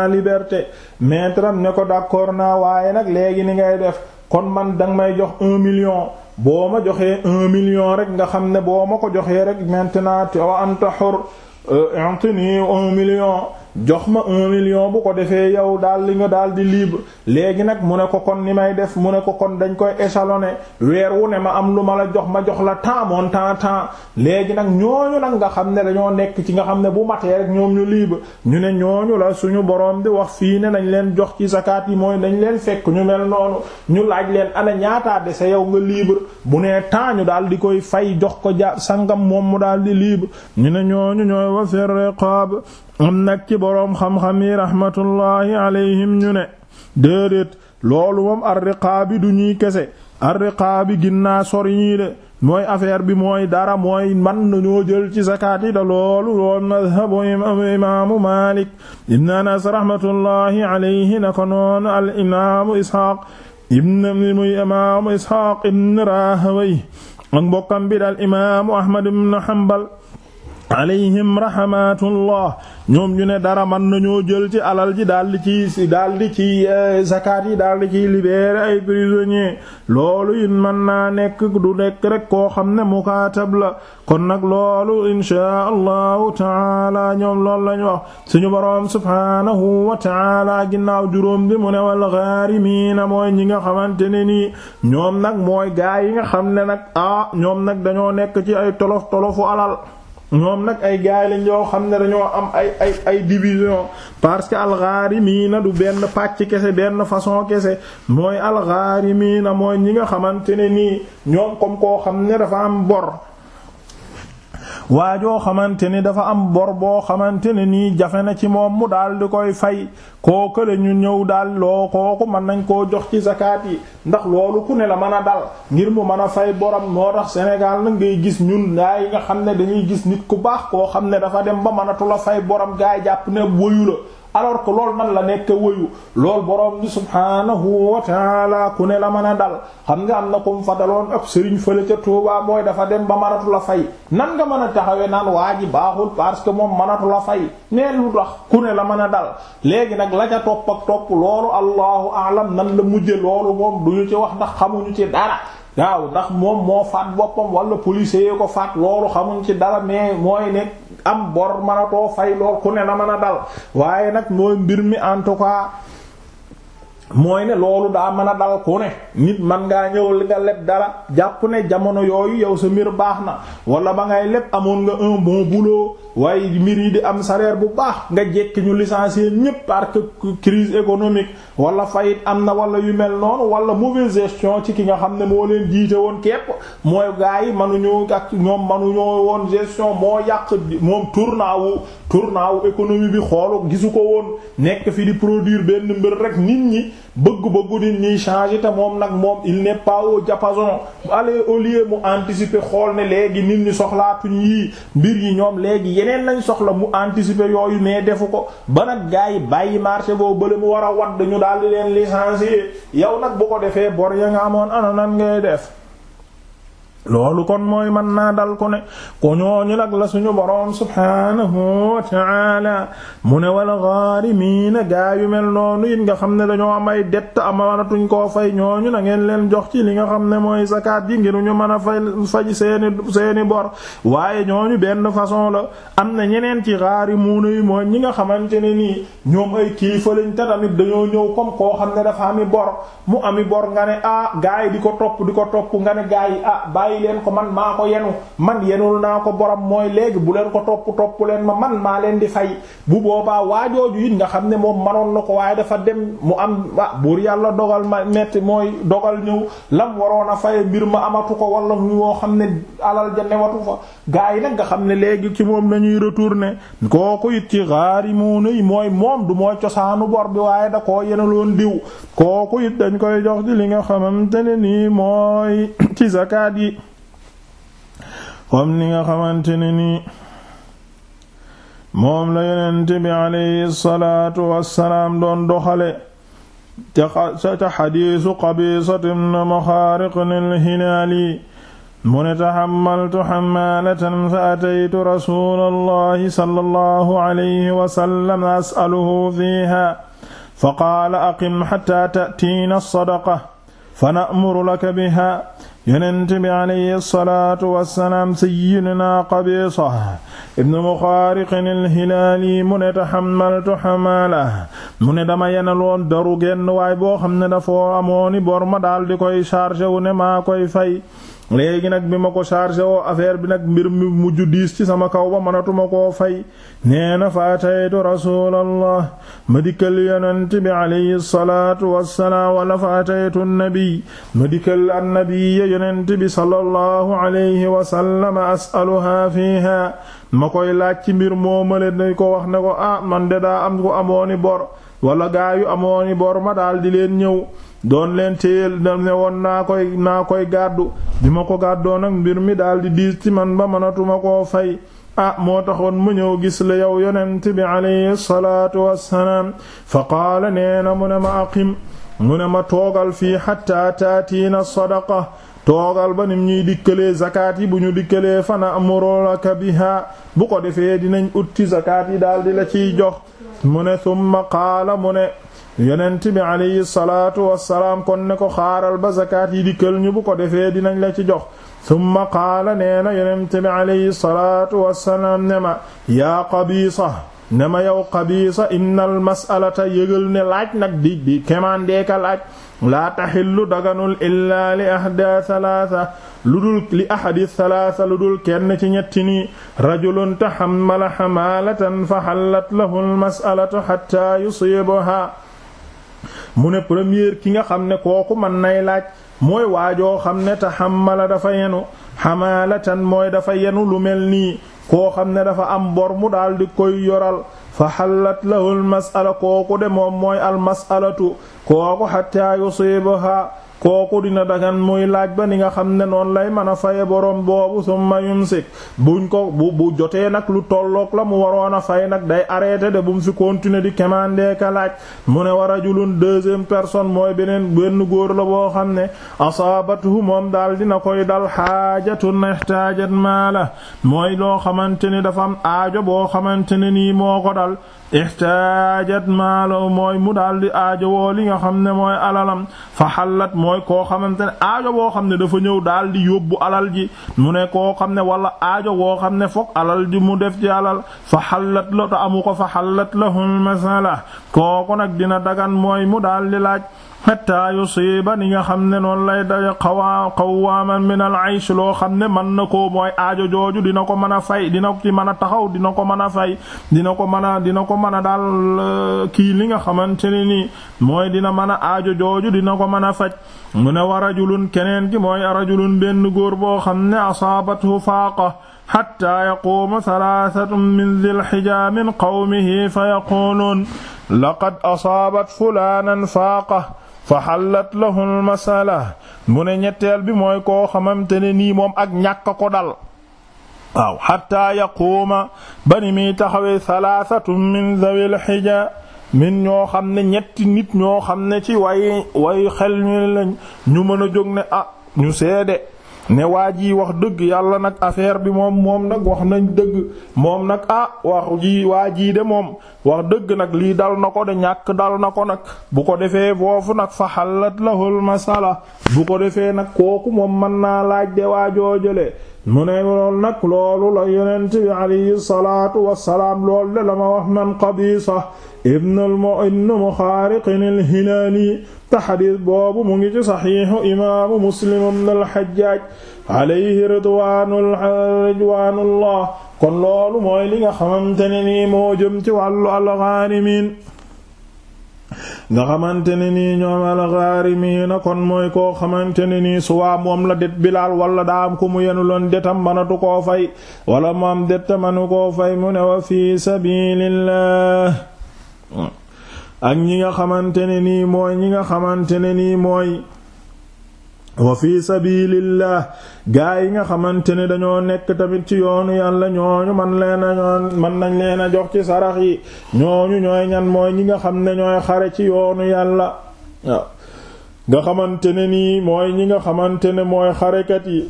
a liberté maître ne ko d'accord naa waaye nag léegi ni ngay def kon man danga may jox un million boo ma joxee un million rek nga xam ne boo ma ko joxee rek maintenant wa anta hur antini uh, un million jox ma un million bu ko defee yow daal li nga daal di libre léegi nag mu ne ko kon ni may def mu ne ko kon dañ koy échelonné weer wu ne ma am lu ma la jox ma jox la temps moon temps temps léegi nag ñooñu nag nga xam ne dañoo nekk ci nga xam ne bu matee rek ñu libre ñu ne ñooñu la suñu borom di wax fii ne nañ leen jox ci zakat yi mooy dañ leen fekk ñu mel noonu ñu laaj leen ana ñaataa dese yow nga libre bu nee temps ñu daal di koy fay jox ko ja sangam moom mu daal di libre ñu ne ñooñu ñooy wa fi riqab am nag ci boroom xam-xam yi rahmatullahi alayhim ñu ne déedéet loolu moom arriqaabi du kese arriqaabi ginnaa sori mooy affaire bi mooy dara mooy man nañoo jël ci zakaat yi da loolu loolu madhabu imaamu Maalik ibn Anas rahmatullahi alayhi na al imaamu Isxaaq ibn muy imaamu Isxaaq ibn Rahawayh ak imaamu Ahmad ibn Hanbal alayhim rahmatullah ñoom ñu ne dara man nañoo jël ci alal ji daldi ci daldi ci eh, zakat yi daldi ciy libérer ay prisonniers loolu it man naa nekk du nekk rek koo xam ne mukaatab la kon nag loolu inshaa allahu taala ñoom loolu lañ wax suñu boroom subhaanahu wa taala ginnaaw juróom bi mu ne wal ghaarimiina mooy ñi nga xamante ne nii ñoom nag mooy gaa yi nga xam ne nag ah ñoom nag dañoo nekk ci ay tolof tolofu alal ñoom nag ay gaay yoo xam ne dañoo am ay ay ay division parce que alxaarimiina du benn pàcc kese benn façon kese mooy na mooy ñi nga xamante ne nii ñoom comme koo xam ne dafa am bor waajoo xamante ni dafa am bor boo xamante ne nii jafe na ci moom mu daal di koy fay kooku la ñu ñëw daal loo kooku mën nañ koo jox ci zakat yi ndax loolu ku ne la mën a dal ngir mu mën a fay borom moo tax Sénégal na ngay gis ñun gaa yi nga xam ne dañuy gis nit ku baax koo xam ne dafa dem ba mënatul a fay borom gaa yi jàpp ne wóyu la alors que loolu man la nekk wëyu loolu borom bi subhaanahu wa taala ku ne la mën a dal xam nga am na ko mu fa daloon ab sëriñ fële ca Touba mooy dafa dem ba manatu la fay nan nga mën a taxawee naan waa ji baaxul parce que moom manatu la fay nee lu tax ku la mën a dal léegi nag la ca topp ak topp loolu allahu alam nan la mujje loolu moom ñu ci wax ndax xamuñu ci dara waaw ndax moom moo faat boppam walla policier yi ko faat loolu xamuñ ci dara mais mooy ne am bor mën a too fay lool ku ne na mën a dal waaye nag mooy mbir mi en tout cas mooy ne loolu daa mën a dal ku ne nit man ngaa ñëw li nga leb dara jàpp ne jamono yooyu yow sa mbir baax na wala ba ngay leb amoon nga un bon waaye mbir yi di am salaire bu baax nga jekki ñu licencier ñépp parce crise économique wala faillite am na wala yu mel noonu wala mauvaise gestion ci ki nga xam ne moo leen jiite woon képp mooy gars yi manuñu ak ñoom manuñoo woon gestion moo yàq moom tournaawu tournaawu économie bi xoolu gisu ko woon nekk fi di produire benn mbir rek nit ñi bëgg-bëggu nit ñiy changer te moom nag moom il n'est pas au diapason au lieu mu anticiper xool ne léegi nit ñi soxlaatuñ yi mbir yi ñoom léegi yeneen lañ soxla mu anticiper yooyu mais defu ko ba nag gars yi bàyyi marché boo bële mu war a wadd ñu daal di leen licencier yow nag bu ko defee bor ya nga amoon ana nan ngay def. loolu kon mooy mën naa dal ko ne ko ñooñu nag la suñu boroom subhaanahu wa ta'ala mu ne wal gharimiina gaa yu mel noonu it nga xam ne dañoo am ay dette amaanatuñ koo fay ñooñu na ngeen leen jox ci li nga xam ne mooy zakat yi ngir ñu mën a fay faj seeni seeni bor waaye ñooñu benn façon la am na ñeneen ci gharimuuna yi mooy ñi nga xamante ne nii ñoom ay kilifa lañ te tamit dañoo ñëw comme koo xam ne dafa ami bor mu ami bor nga ne ah gaa yi di ko topp di ko topp nga bàyyi leen ko man maa ko yenu man yenul naa ko borom mooy léegi bu leen ko topp topp leen ma man maa leen di fay bu boobaa waajooju it nga xam ne moom manoon la ko waaye dafa dem mu am ah buur yàlla dogal ma metti mooy dogal ñëw lam waroon a fay mbir ma amatu ko wala ñoo xam ne alal ja newatu fa gaa yi nag nga xam ne léegi ci moom lañuy retourner kooku it ci xaarimuuna yi mooy moom du mooy cosaanu bor bi waaye da koo yenaloon diw kooku it comme ni nga xamante ne nii moom la yonent bi alayhi salaatu wassalaam doon doxale ca xadiisu Qabisat ibn Muxaariq al-Hilaali mu ne taxammaltu xamaalatan fa ataytu rasuulallahi sallallahu alayhi wa sallam as'aluhu fiihaa fa qaala aqim xattaa ta'tiina as-sadaqa fa na'muru laka bihaa yonent bi alayhi salaatu wassalaam sayyidina Qabisa ibn hilaali mu ne taxammaltu xamaala mu ne dama yenaloon daru genn waay boo xam ne dafoo amooni bor ma daal di koy chargé wu ne maa koy fay léegi nag bi ma ko chargé woo bi nag mbir mi mujj diis ci sama kaw ba mënatuma koo fay nee na fa ataytu rasulallah ma dikkal bi alayhi salaatu wassalaam wala fa ataytu nnabi ma dikkal annabiya yonent bi sallallahu alayhi wasallama as'aluha fiiha ma koy laaj ci mbir moomale dañ ko wax ne ko ah man de daa am ko amooni bor wala gaa yu amooni bor ma daal di leen ñëw doon leen téyel da ne woon naa koy naa koy gàddu bi ma ko gàddoo nag mbir mi daal di diis ci man ba mënatuma koo fay ah moo taxoon mu ñëw gis la yow yonent bi alayhi salaatu wassalaam fa qaala nee mu ne ma aqim mu ne ma toogal fii xatta taatiina sadaqa toogal ba nim ñuy dikkalee zakat yi bu ñu dikkalee fana amurulaka biha bu ko defee dinañ ut ci zakat yi daal di la ciy jox mu ne summa qaala mu ne yonent bi alayhi salaatu wassalaam kon ne ko xaaral ba zakat yi dikkal ñu bu ko defee dinañ la ci jox summa qaala nee na yonent bi alayhi salaatu wassalaam ne ma yaa qabiisa ne ma yow qabiisa inna mas'alata yëgal ne laaj nag di di kemandeka laaj laa taxillu daganul illaa li ahda salaasa lu dul li ahadi salaasa lu dul kenn ci ñetti nii rajulun taxammala xamaalatan fa xallat lahu lmasalatu xatta yusiibaha mu ne premier ki nga xam ne kooku man nay laaj mooy waajoo xam ne taxammala dafa yenu xamaalatan mooy dafa yenu lu mel nii koo xam ne dafa am bor mu daal di koy yoral fa xallat lahu almasala kooku de moom mooy almasalatu kooku xatta yusiibaha kooku dina dagan muy laaj ba ni nga xam ne noonu lay mën a faye borom boobu summa yumsik buñ ko bu bu jotee nag lu tollook la mu waroon a fay nag day arrêté de bu mu fi continuer di commander ka laaj mu ne wa rajulun deuxième personne mooy beneen benn góor la boo xam ne asaabatuhu moom daal dina koy dal xaajatun ihtaajat la mooy loo xamante ni dafa am aajo boo xamante ne nii moo ko dal ihtaajat maalo mooy mu daal di aajowoo li nga xam ne mooy alalam fa xallat mooy koo xamante ne aajo woo xam ne dafa ñëw daal di yóbbu alal ji mu ne koo xam ne wala aajo boo xam ne foog alal ji mu def ci alal fa xallat la te amu fa xallat lahul masala kooku nag dina dagan mooy mu daal di laaj xatta yusiba ni nga xam ne noonu lay da xawaa xawaaman min al aysh loo xam ne mën na ko mooy aajo jooju dina ko mën a fay dina ci mën a taxaw dina ko mën a fay dina ko mën a dina ko mën a daal euh, kii li nga xamante ne nii mooy dina mën a aajo jooju dina ko mën a faj mu ne wa rajulun keneen ki mooy rajulun benn góor boo xam ne asaabathu faaqa xataa yaquuma talaatatun min dil xijaa min qawmihi fa yaquuluun laqad asaabat fulaanan faaqa fa xallat lahu lmasala mu ne ñetteel bi mooy koo xamante ne nii moom ak ñàkk ko dal waaw xataa yaquuma ba ni muy taxawee talaatatun min dawil xijaa min ñoo xam ne ñetti nit ñoo xam ne ci way way xel ñu lañ ñu mën a jóg ne ah ñu seede ne waa ji wax dëgg yàlla nag affaire bi moom moom nag wax nañ dëgg moom nag a ah, wax ji waa jii de moom wax dëgg nag lii dal na ko de ñàkk dal na ko nag bu ko defee foofu nag fa la lahul masala bu ko defee nag kooku moom mën naa laaj de waa joojale mu ne lool nag loolu la yonent bi alayhi wassalaam lool de la ma wax nan Qabisa ibn al-Mu'in Muxaariq al-Hilaali te boobu mu ngi ci saxiixu imaamu muslim ibn al-Hajjaaj alayhi kon loolu mooy li nga xamante ni nii moo jëm ci wàllu al-ghaarimiin xamante ne nii ñoom alxaarimiina kon mooy koo xamante ni nii suwaa moom la det bilaal wala daam ku mu yenu loon detam manatu ko fay wala moom detta manu koo fay mu ne wa fi sabilillah ak ñi nga xamante ne nii mooy ñi nga xamante ne nii mooy wa fi sabilillah gaa yi nga xamante ne dañoo nekk tamit ci yoonu yàlla ñooñu man leen man nañ leen a jox ci sarax yi ñooñu ñooy ñan mooy ñi nga xam ne ñooy xare ci yoonu yàlla waaw nga xamante ne nii mooy ñi nga xamante ne mooy xarekat yi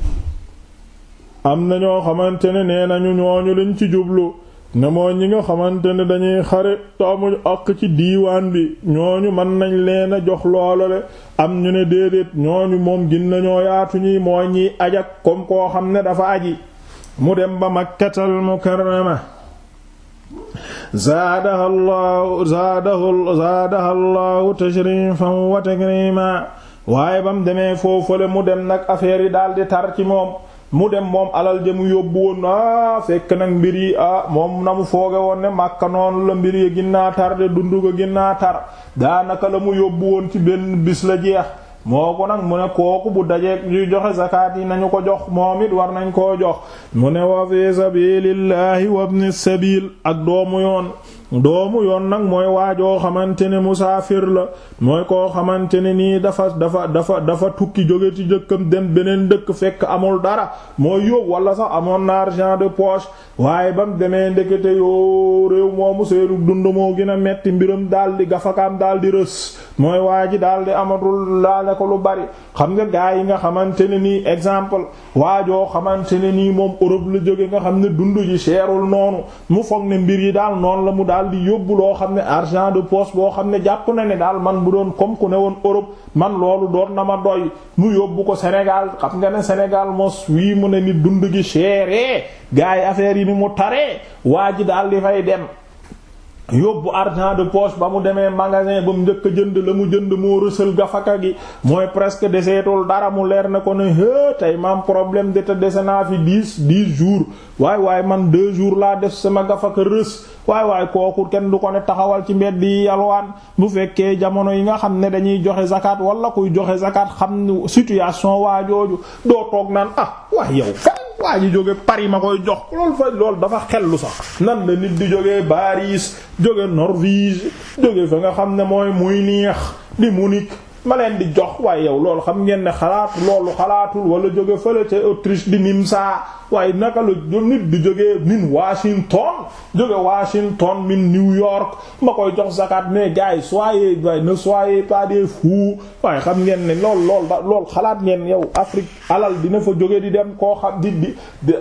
am na ñoo xamante ne nee nañu ñooñu lañ ci jublu ne moo ñi nga xamante ne dañuy xare te amuñu ak ci diiwaan bi ñooñu mën nañ leen a jox loolale am ñu ne déedéet ñooñu moom gin nañoo yaatu ñi mooy ñiy ajak comme koo xam ne dafa aji mu dem ba mag mukarrama zaadaha llahu zaadahu zaadaha llahu tashrifan wa takrima mu dem nag affaire yi daldi tar ci moom mu dem moom alal ja mu yóbbu woon ah fekk nag mbir yi ah moom na mu fooge woon ne màkka noonu la mbir yi ginnaa tar de dundu ga ginnaa tar daanaka la mu yóbbu woon ci benn bis la jeex moo ko nag mu ne kooku bu dajeeg ñuy joxe zakat yi nañu ko jox moom it war nañ koo jox mu ne wa fi sabilillahi wa ibnis sabil ak doomu yoon doomu yoon nag mooy waajoo xamante ne musaafir la mooy koo xamante ne nii dafa dafa dafa dafa tukki jóge ci jëkkam dem beneen dëkk fekk amul dara mooy yóbbu walla sax amoon na argent de poche waaye ba mu demee ndekete yoo réew moomu seenu dund moo gën a metti mbiram daal di gafakaam daal di rës mooy waa ji daal di amatul laale ko lu bari xam nga gaa yi nga xamante ne nii exemple waajoo xamante ne nii moom Europe la jóge nga xam ne dund ji seerul noonu mu daal di yóbbu loo xam ne argent de poche boo xam ne jàpp na ne daal man mu doon comme ku ne woon Europe man loolu doon na ma doy mu yóbbu ko Sénégal xam nga ne Sénégal mos wii mu ne ni dund gi chéré gars yi affaire yi ni mu taree waa ji daal di fay dem yóbbu argent de poche ba mu demee magasin ba mu njëkk a jënd la mu jënd moo rësal gafaka gi mooy presque deseetul dara mu leer na ko ne hé tey maam problème de te dese naa fi dix dix jours waaye waaye man deux jours laa def sama gafaka rës waaye waaye kooku kenn du ko ne taxawal ci mbedd bi yalwaan bu fekkee jamono yi nga xam ne dañuy joxe zakat wala kuy joxe zakat xam situation waajooju doo toog naan ah waay yow. waa ji jóge Paris ma koy jox loolu loolu dafa xellu sax nan la nit di jógee Paris jóge Norvège jóge fa nga xam ne mooy muy neex di Munich ma leen di jox waaye yow loolu xam ngeen ne xalaat loolu xalaatul wala jóge fële ca Autriche di Nimsa waaye naka la nit di jógee min Washington jóge Washington min New York ma koy jox sakaat mais gars yi soyez waaye ne soyez pas des fous waaye xam ngeen ne lool lool da lool xalaat ngeen yow Afrique alal dina fa jóge di dem koo xam di di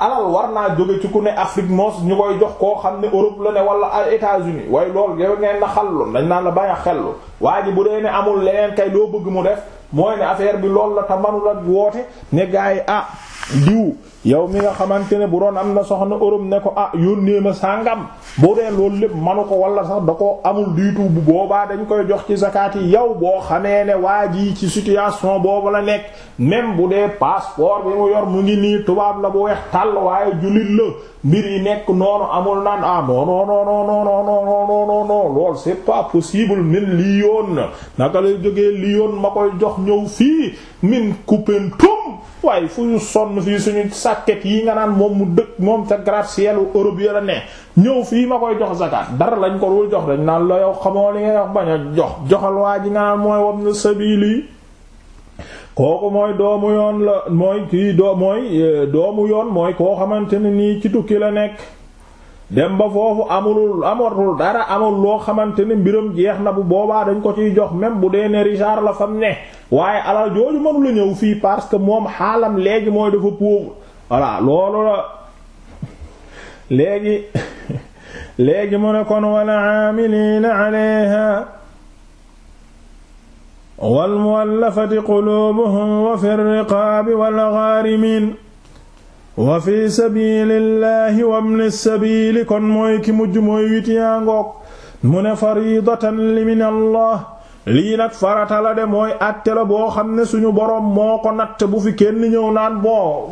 alal war naa jóge ci ku ne Afrique moos ñu koy jox koo xam ne Europe la ne wala ay États-Unis waaye loolu yow ngeen na xallu dañ naan la bañ a xellu waa ji bu dee ne amul leneen kay loo bëgg mu def mooy ne affaire bi loolu la te manu la woote ne gars ah, diw yow mi nga xamante ne bu doon am na soxna Europe ne ko ah yónnee ma sàngam boo dee loolu lépp manu ko walla sax da ko amul diitu bu boobaa dañ koy jox ci zakat yi yow boo xamee ne waa jii ci situation boobu la nekk même bu dee passeport bi mu yor mu ngi nii tubaab la bu weex tàll waaye jullit la mbir yi nekk noonu amul naan ah non non non non non non non non lool c'est pas possible min Lyon naka lay jógee Lyon ma koy jox ñëw fii min Koupentoum waaye fu sonn fii suñu sàkket yi nga naan moom mu dëkk moom sa gratte-ciel Europe ya la ne ñëw fii ma koy jox zakat dara lañ ko dul jox dañ naan la yow xamoo li nga wax bañ a jox joxal waa ji nga naan mooy wam na sabili kooku mooy doomu yoon la mooy kii doo mooy euh, doomu yoon mooy koo xamante ne nii ci tukki la nekk dem ba foofu amulul dara amul loo xamante ne mbiram jeex na bu boobaa dañ ko ci jox même bu dee ne Richard la fam ne waaye alal jooju mënu la ñëw fii parce que moom xaalam léegi mooy dafa pauvre voilà loolu la léegi léegi mu ne kon wala amilina alayha wal muwallafati qulubuhum wa fi riqaabi wal ghaarimin wa fi sabilillahi wabni sabili kon mooy ki mujj mooy wit yaa ngoog mu ne faridatan li min allah lii nag farata mooy àtte la boo xam ne suñu boroom moo ko natt bu fi kenn ñëw naan bon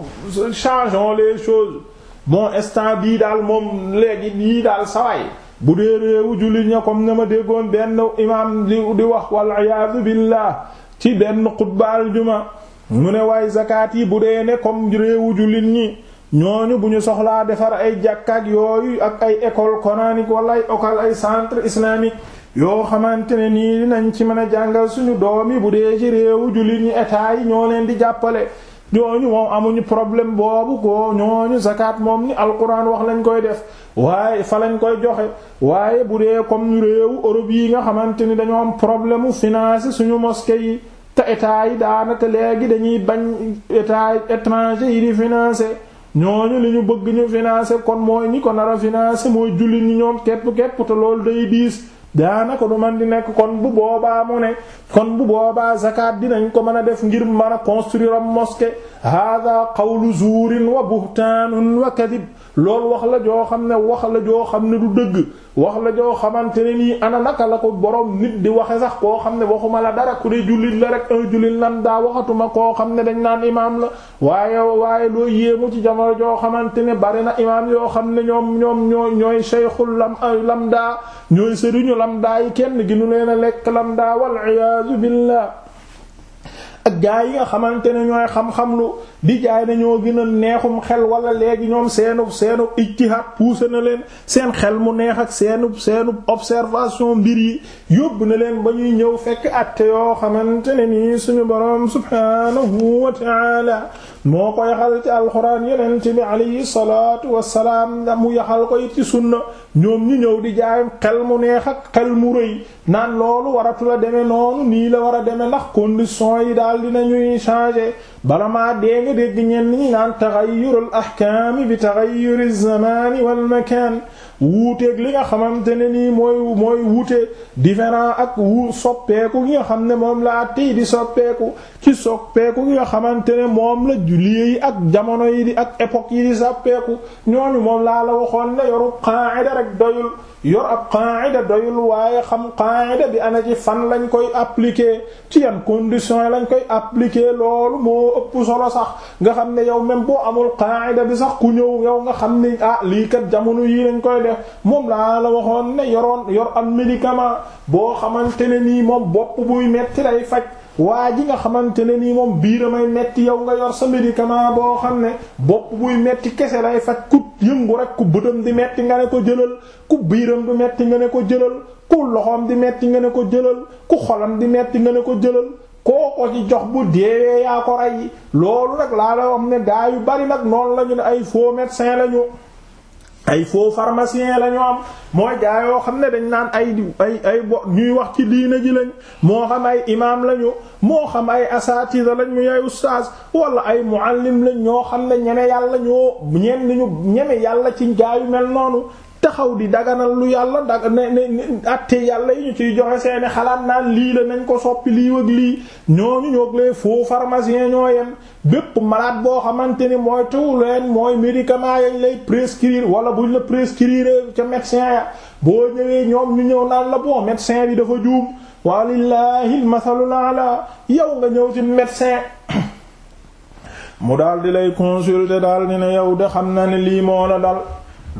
changeons les choses bon instant bii daal moom léegi yii daal sawaay bu dee réewu jullit ña comme ne ma déggoon benn imaam di wax wal iyaadu billah ci benn xutbaal juma mu ne waay zakat yi bu dee ne comme réewu jullit ñi ñoo ñooñu bu ñu soxlaa defar ay jàkkaak yooyu ak ay école coranique wala ay école ay centre islamique yoo xamante ne nii dinañ ci mën a jàngal suñu doom yi bu dee ci réewu jullit ñi état yi ñoo leen di jàppale ñooñu moom amuñu problème boobu ko ñooñu zakat moom ni alquran wax lañ koy def waaye fa lañ koy joxe waaye bu dee comme réewu Europe yi nga xamante ni dañoo am problème mu financer suñu mosquée yi te état yi daanaka léegi dañuy bañ état étranger yi di financer li ñu bëgg ñu financer kon mooy ñi ko nara a financer mooy jullit ñi ñoom képp képp te loolu day diis daanaka du man di nekk kon bu booba mu kon bu boobaa zakat dinañ ko mën a def ngir mën a construire am mosquée hada qawlu zuurin wa buhtaanun wa kadib loolu wax la joo xam ne wax la joo xam ne du dëgg wax la joo xamante ne nii ana naka la ko boroom nit di waxe sax koo xam ne waxuma la dara ku dee jullit la rek un jullit lan daa waxatuma koo xam ne dañ naan imaam la waaye waaye loo yéemu ci jamono joo xamante ne bari na imaam yoo xam ne ñoom ñoom ñooy ñooy sayxul lam lam daa ñooy sëriñu lam daa yi kenn gi nu leen a lekk lam daa wal iyaazu billah ak gaa yi nga xamante ne ñooy xam-xam lu di jaay nañoo gën a neexum xel wala léegi ñoom seenub seenub ijtihaad poussé na leen seen xel mu neex ak seenub seenub observation mbir yi yóbbu na leen ba ñuy ñëw fekk atte yoo xamante ne nii suñu boroom subhaanahu wa ta'ala moo ko yaxal ci alxuraan yonent bi alayhi salaatu wassalaam mu yaxal ko it ci sunna ñoom ñu ñëw di jaayam xel mu neex ak xel mu rëy naan loolu waratu la demee noonu nii la war a demee ndax condition yi daal dinañuy changer bala maa dee nga dégg ñenn ñi naan taxayyurul ahkaami bi taxayyuriz zamaani wal makaan wuuteeg li nga xamante ne nii mooy mooy wuute différent ak wu soppeeku gi nga xam ne moom la àtte di soppeeku ci soppeeku gi nga xamante ne moom la julie yi ak jamono yi di ak époque yi di soppeeku ñooñu moom laa la waxoon ne yoru qaa'ida rek doyul yor ak qaa'ida doyul waaye xam qaa'ida bi ana ci fan lañ koy appliquer ci yan conditions yi lañ koy appliquer loolu moo ëpp solo sax nga xam ne yow même boo amul qaa'ida bi sax ku ñëw yow nga xam ne ah moom laa la waxoon ne yoroon yor am médicament boo xamante ne nii moom bopp buy metti lay faj waa ji nga xamante ne nii moom biiramay metti yow nga yor sa médicament boo xam ne bopp buy metti kese lay faj ku yëngu rek ku bëtam di metti nga ne ko jëlal ku biiram di metti nga ne ko jëlal ku loxoom di metti nga ne ko jëlal ku xolam di metti nga ne ko jëlal kooko ci jox bu deewee yaa ko rey loolu rek laa la wax ne gaa yu bari nag noonu la ñu ne ay faux médecin ay faux pharmacien la ñu am mooy gaa yoo xam ne dañ naan ay ay ay bo ñuy wax ci diina ji lañ moo xam ay imaam lañu moo xam ay asatida lañ ñu ay ustaas wala ay muallim lañ ñoo xam ne ñeme yàlla ñoo ñeen ñu ñeme yàlla ci gaa yu mel noonu taxaw di daganal lu yàlla daga ne ne yàlla yi ñu ciy joxe seeni xalaat naan lii la nañ ko soppi lii wëg lii ñu ñoog les faux pharmaciens ñoo yem bépp malade boo xamante ni mooy tuw leen mooy médicament yañ lay prescrire wala buñ la prescrire ca médecin ya boo ñëwee ñoom ñu ñëw naan la bon médecin bi dafa juum walillahi almasalul la yow nga ñëw ci médecin mu daal di lay consulter daal ni ne yow de xam na ne lii moo la dal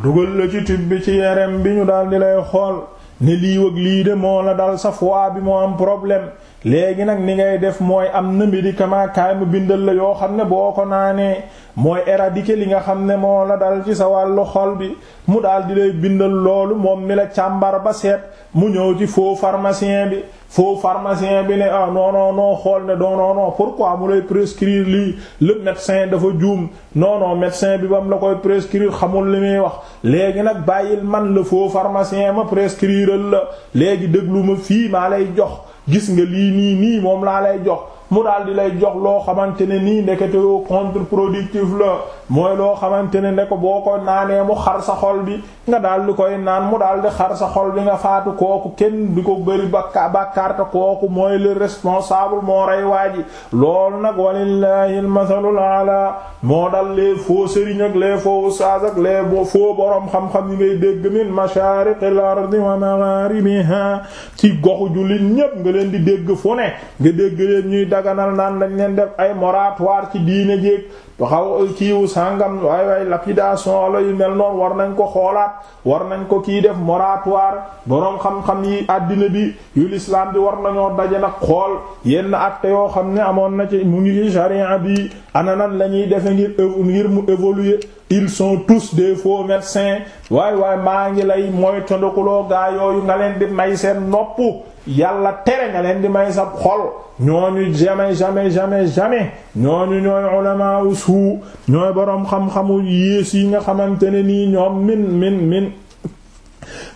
dugal la ci tube bi ci yerem bi ñu daal di lay xool ni lii wëg lii de moo la dal sa foie bi moo am problème léegi nag ni ngay def mooy am na médicament kaay mu bindal la yoo xam ne boo ko naanee mooy éradiquer li nga xam ne moo la dal ci sa wàllu xol bi mu daal di lay bindal loolu moom mi la càmbar ba seet mu ñëw ci faux pharmacien bi faux pharmacien bi ne ah non non xool ne non non non pourquoi mu lay prescrire lii le médecin dafa juum non non bi ba mu la koy prescrire xamul li muy wax léegi nag bàyyil man la faux pharmacien ma prescrire la léegi déglu fii maa lay jox. gis nga lii nii nii moom laa lay jox mu daal di lay jox loo xamante ne nii ndekete yoo contre-productif la mooy loo xamante ne ne ko boo ko naanee mu xar sa xol bi nga daal di koy naan mu daal di xar sa xol bi nga faatu kooku kenn di ko bëri bakka bakkaar kooku mooy le responsable moo rey waa ji loolu nag walillahi almathalul ala moo dal les faux sëriñ ak les faux ustaas ak les faux borom xam-xam yi ngay dégg min mashariqil ardi wa magharibiha ci goxu jullit ñépp nga leen di dégg fu ne nga dégg leen daganal naan lañ leen def ay moratoire ci diine jéeg xaw kiiwu sàngam waay waay lapidation la yu mel noonu war nañ ko xoolaat war nañ ko kii def moratoire borom xam-xam yi àddina bi yu lislaam bi war nañoo daje nag xool yenn acte yoo xam ne amoon na ci mu ngi ci bi ana nan lañuy ñuy defe ngir ngir mu évoluer ils sont tous des faux médecins waaye waay maa ngi lay mooy tondokuloo gaa yooyu nga leen di may seen nopp yàlla tere nga leen di may sa xol ñooñu jamais jamais jamais jamais ñooñu ñooy ulama usu ñooy boroom xam-xamu yées yi nga xamante ne nii ñoom min min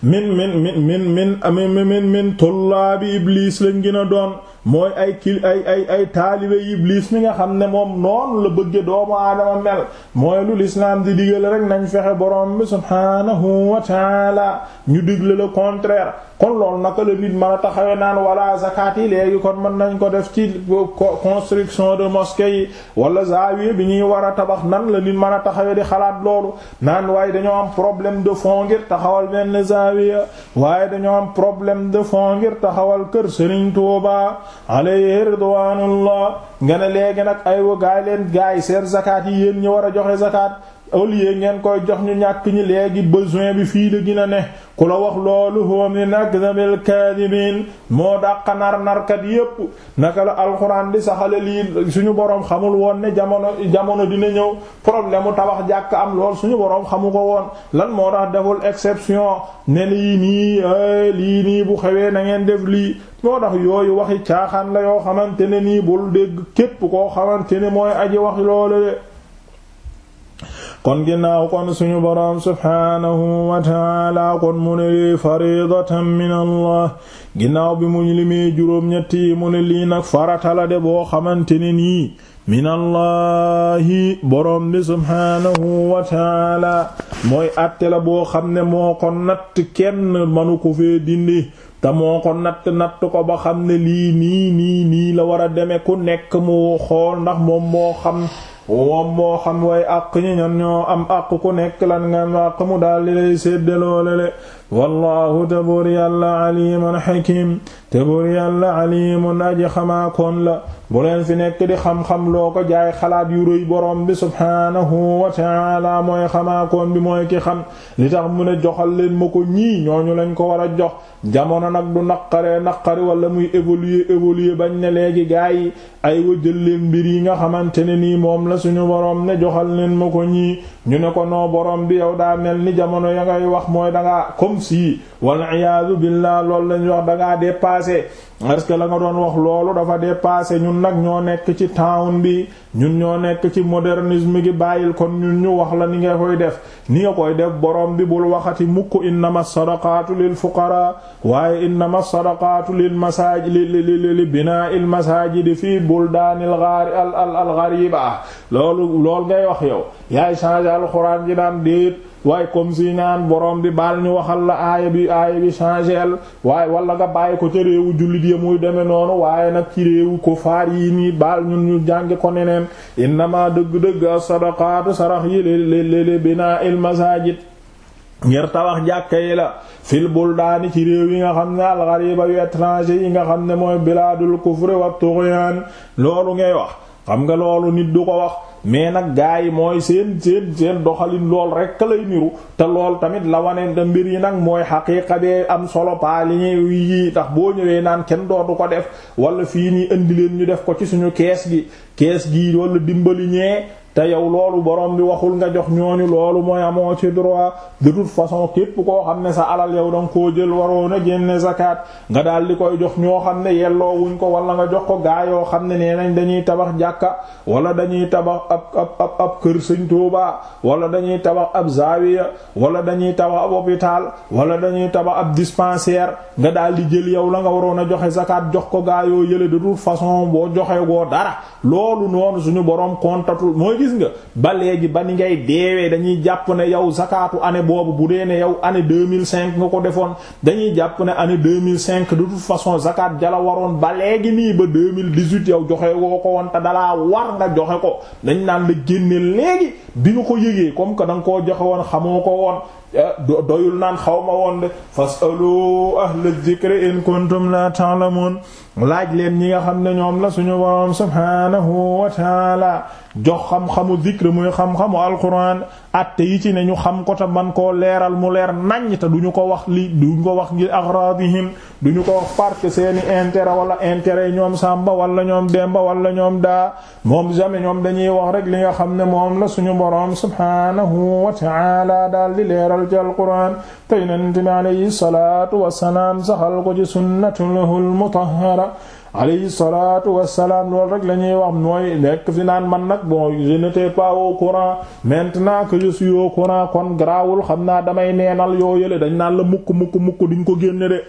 min min min tullaabi iblis lañ gën a doon mooy ay kil ay ay ay taalibe iblis mi nga xam ne moom noonu la bëgge doomu aadama mel mooy lu lislaam di digale rek nañ fexe borom bi subhaanahu wa ñu digle la contraire kon loolu naka la nit mën a taxawe naan wala zakat yi léegi kon mën nañ ko def ci construction de mosquée yi wala zawiya bi ñuy war a tabax nan la nit mën a taxawe di xalaat loolu naan waaye dañoo am problème de fonds ngir taxawal benn zawiya waaye dañoo am problème de fonds ngir taxawal kër Serigne Touba alayhi ridwanullah nga ne léegi nag ay wa gaay leen gaay seen zakat yi yéen ñi war a joxe zakat au lieu ngeen koy jox ñu ñàkk ñi léegi besoin bi fii la gina ne ku la wax loolu nag na akdhabil kaadibiin moo dàqa nar narkat yépp naka la alxuraan di saxale lii suñu boroom xamul woon ne jamono jamono dina ñëw problème mu tabax jàkk am lool suñu boroom xamu ko woon lan moo tax deful exception ne lii nii eh, lii nii bu xewee na ngeen def lii moo tax yooyu waxi caaxaan la yoo xamante ne nii bul dégg képp koo xamante ne mooy aji wax loolu de kon ginnaaw kon suñu boroom subhaanahu wa taala kon mu ne lii faridatan min allah ginnaaw bi mu limee juróom-ñetti mu ne lii nag farata de boo xamante ne nii min allahi boroom bi subhaanahu wa mooy àtte la boo xam ne moo ko natt kenn manu ko fee dindi te moo ko natt natt ko ba xam ne lii nii nii nii la war a demee ku nekk mu xool ndax moom moo xam moom moo xam way àq ñi ñan ñoo am àq ku nekk lan nga àq mu daal di lay sédde loole le wallahu te buur yàlla alimun hakim te buur yàlla alimun aji xamaakoon la bu leen fi nekk di xam-xam loo ko jaay xalaat yu rëy boroom bi subhaanahu wa ta'ala mooy xamaakoon bi mooy ki xam li tax mu ne joxal leen ma ko ñii ñooñu lañ ko war a jox jamono nag du naqaree naqari wala muy évoluer évoluer bañ ne léegi gaa yi ay wa jël leen mbir yi nga xamante ne nii moom la suñu borom ne joxal leen ma ko ñii ñu ne ko noo borom bi yow daa mel ni jamono ya ngay wax mooy dangaa comme si wal iyaadu billah loolu lañu wax dangaa dépassé parce que la nga doon wax loolu dafa dépassé ñun nag ñoo nekk ci town bi ñun ñoo nekk ci modernisme gi bàyyil kon ñun ñu wax la ni nga koy def ni nga koy def borom bi bul waxati mukk innama sadaqaatu lil fuqara waaye innama sadaqaatu lil masaaj li li li binaa il masaajidi fii buldaanil gaari al al al gariba loolu lool ngay wax yow yaay changer alxuraan ji daan déet waaye comme si naan borom bi baal ñu waxal la aaya bi aaya bi changel waaye walla nga bàyyi ko ca réewu jullit yi muy demee noonu waaye nag ci réewu ko faar yii nii baal ñu ñu jànge ko neneen innama dëgg-dëgg as-sadaqatu sarax yi li li binaa il masajid ngir tabax jàkka yi la fil buldaani ci réew yi nga xam ne alxariba yu étranger yi nga xam ne mooy bilaadul kufri wa tughyan loolu ngay wax xam nga loolu nit du ko wax mais nag gars yi mooy seen seen seen doxalin lool rekk lay niru te lool tamit la wane da mbir yi nag mooy xaqiiqa bee am solo paa li ñuy tax boo ñëwee naan kenn dootu ko def wala fii nii indi ñu def ko ci suñu kees gi kees gi wala dimbali ñee te yow loolu borom bi waxul nga jox ñoo ni loolu mooy amoo ci droit de toute façon képp koo xam ne sa alal yow danga koo jël waroon a génne zakat nga daal di koy jox ñoo xam ne yelloo wuñ ko walla nga jox ko gaa yoo xam ne nee nañ dañuy tabax jàkka wala dañuy tabax ab ab ab kër Sëriñ Tuubaa wala dañuy tabax ab zawiya wala dañuy tabax ab hôpital wala dañuy tabax ab dispensaire nga daal di jël yow la nga waroon a joxe zakat jox ko gaa yoo yële de toute façon boo joxe goo dara loolu gis nga ba léegi ba ni ngay deewee dañuy jàpp ne yow zakaatu année boobu bu dee ne yow année deux mille cinq nga ko defoon dañuy jàpp ne année deux mille cinq de toute façon zakat jala waroon ba léegi nii ba deux mille dix-huit yow joxe woo ko woon te dalaa war nga joxe ko dañ naan la génne léegi bi nga ko yëgee comme que da nga koo joxe woon xamoo ko woon Eh, doyul naan xaw ma woon de fasalu ahla dhikri in kuntum la ta'lamun laaj leen ñi nga xam ne ñoom la suñu boroom subhanahu wa taala jox xam-xamu dhikr muy xam-xamu alquran atte yi ci ne ñu xam ko te man koo leeral mu leer naññ te duñu ko wax li duñu ko wax ngir agradihim duñu ko wax parce que seeni intérêt wala intérêt ñoom Samba wala ñoom Demba wala ñoom daa moom jamais ñoom dañuy wax rek li nga xam ne moom la suñu boroom subhanahu wa daal di leeral saxal ci alquran te yonent bi alayhi salaatu wasalaam saxal ko ci sunnatuhul mutahhara alayhi salaatu wassalaam loolu rek lañuy wax mooy nekk fi naan man nag bon je n'étais pas au courant maintenant que je suis au courant kon garaawul xam naa damay neenal yoo yële dañ naan la mukk mukk mukk duñ ko génne de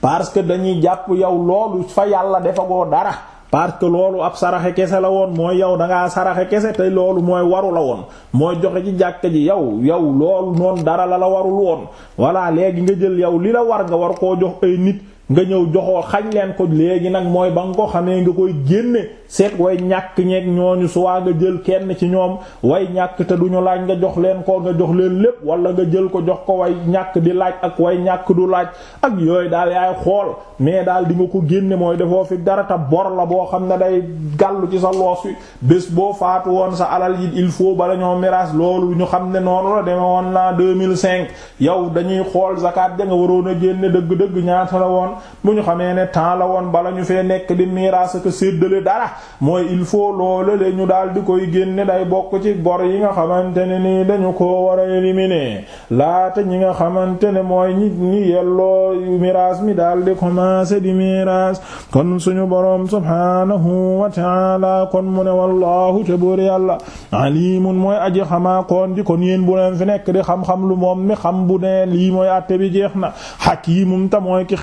parce que dañuy jàpp yow loolu fa yàlla defagoo dara parce que loolu ab saraxe kese la woon mooy yow da ngaa saraxe kese te loolu mooy waru la woon mooy joxe ci jàkka ji yow yow loolu noonu dara la la warul woon voilà léegi nga jël yow li la war nga war koo jox ay nit nga ñëw joxoo xañ leen ko léegi nag mooy ba nga ko xamee nga koy génne seet way ñàkk ñeeg ñooñu suwaa nga jël kenn ci ñoom way ñàkk te duñu laaj nga jox leen ko nga jox leen lépp wala nga jël ko jox ko way ñàkk di laaj ak way ñàkk du laaj ak yooyu daal yaay xool mais daal di nga ko génne mooy dafoo fi dara ta bor la boo xam ne day gàllu ci sa loos wi bés boo faatu woon sa alal yi il faut bala ñoo miraas loolu ñu xam ne noonu la demee woon la 2005 yow dañuy xool zakat da waroon a génne dëgg-dëgg ñaata la woon bu ñu xamee ne temps la woon bala ñu fee nekk di miiraas ak séddale dara mooy il faut loolu la ñu dal di koy génne day bokk ci bor yi nga xamante ne nii dañu koo war a éliminer laata ñi nga xamante ne mooy ñi ñi yelloo miiraas mi daal di commencer di miiraas kon suñu boroom subhanahu wa ta'ala kon mu ne wallahu te buur yàlla alimun mooy aji xamaa koon ji kon yéen bu leen fi nekk di xam-xam lu moom mi xam bu ne lii mooy àtte bi jeex na hakimun ta mooy ki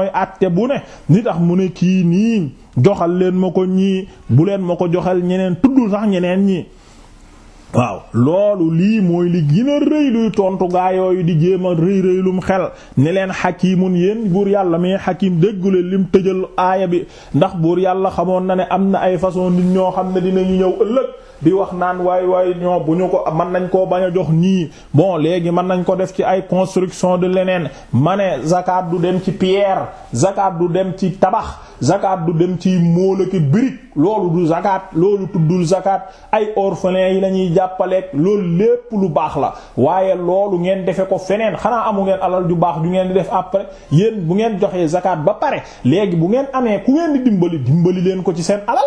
mooy àtte bu ne ni tax mu ne kii nii joxal leen ma ko ñii bu leen ma ko joxal ñeneen tuddul sax ñeneen ñi waaw loolu lii mooy li gën a tontu gaa yooyu di jéem a rëy rëylum xel ne leen xakimun yéen buur yàlla mais xakim déggule lim tëjal aaya bi ndax buur yàlla xamoon na ne am na ay façon nit ñoo xam ne dinañu ñëw ëllëg di wax naan waay waay ñoo bu ñu ko mën nañ koo bañ a jox nii bon léegi mën nañ ko def ci ay construction de leneen mane ne du dem ci pierre zakat du dem ci tabax zakat du dem ci móolaki brique loolu du zakat loolu tuddul zakat ay orphelins yi la ñuy jàppaleeg loolu lépp lu baax la waaye loolu ngeen defe ko feneen xanaa amu ngeen alal ju baax ju ngeen di def après yéen bu ngeen joxee zakat ba pare léegi bu ngeen amee ku ngeen di dimbali dimbali leen ko ci seen alal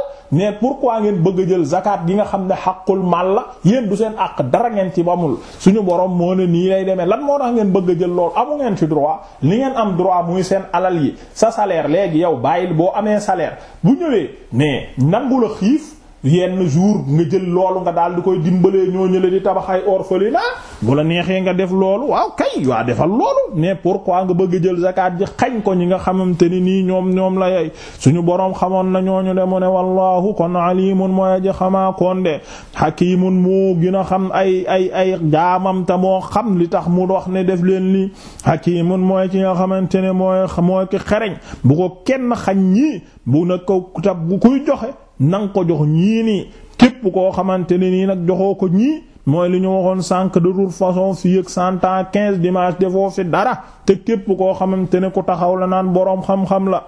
xam ne xaqul mal la yéen du seen àq dara ngeen ci amul suñu borom moo ne nii lay demee lan moo tax ngeen bëgg a jël lool amu ngeen fi droit li ngeen am droit muy seen alal yi sa salaire léegi yow bàyyil boo amee salaire bu ñëwee mais nangu la xiif. yenn jour nga jël loolu nga daal di koy dimbalee ñoo ñële di tabax ay orphelinat bu la neexee nga def loolu waaw kay waa defal loolu mais pourquoi nga bëgg jël zakat ji xañ ko ñi nga xamante ni nii ñoom ñoom la yey suñu boroom xamoon na ñooñu de mu ne wallahu kon alimun mooy aji xamaa kon de hakimun moo gën a xam ay ay ay jaamam ta moo xam li tax mu wax ne def leen lii hakimun mooy ci nga xamante ne mooy mooy ki xereñ bu ko kenn xañ ñii bu na ko tab bu joxe nang ko jox ñii nii képp koo xamante ne nii nag joxoo ko ñii mooy li ñu waxoon sànq de toute façon fii ak cent ans quinze dimanche defoo fi dara te képp koo xamante ne ku taxaw la naan boroom xam-xam la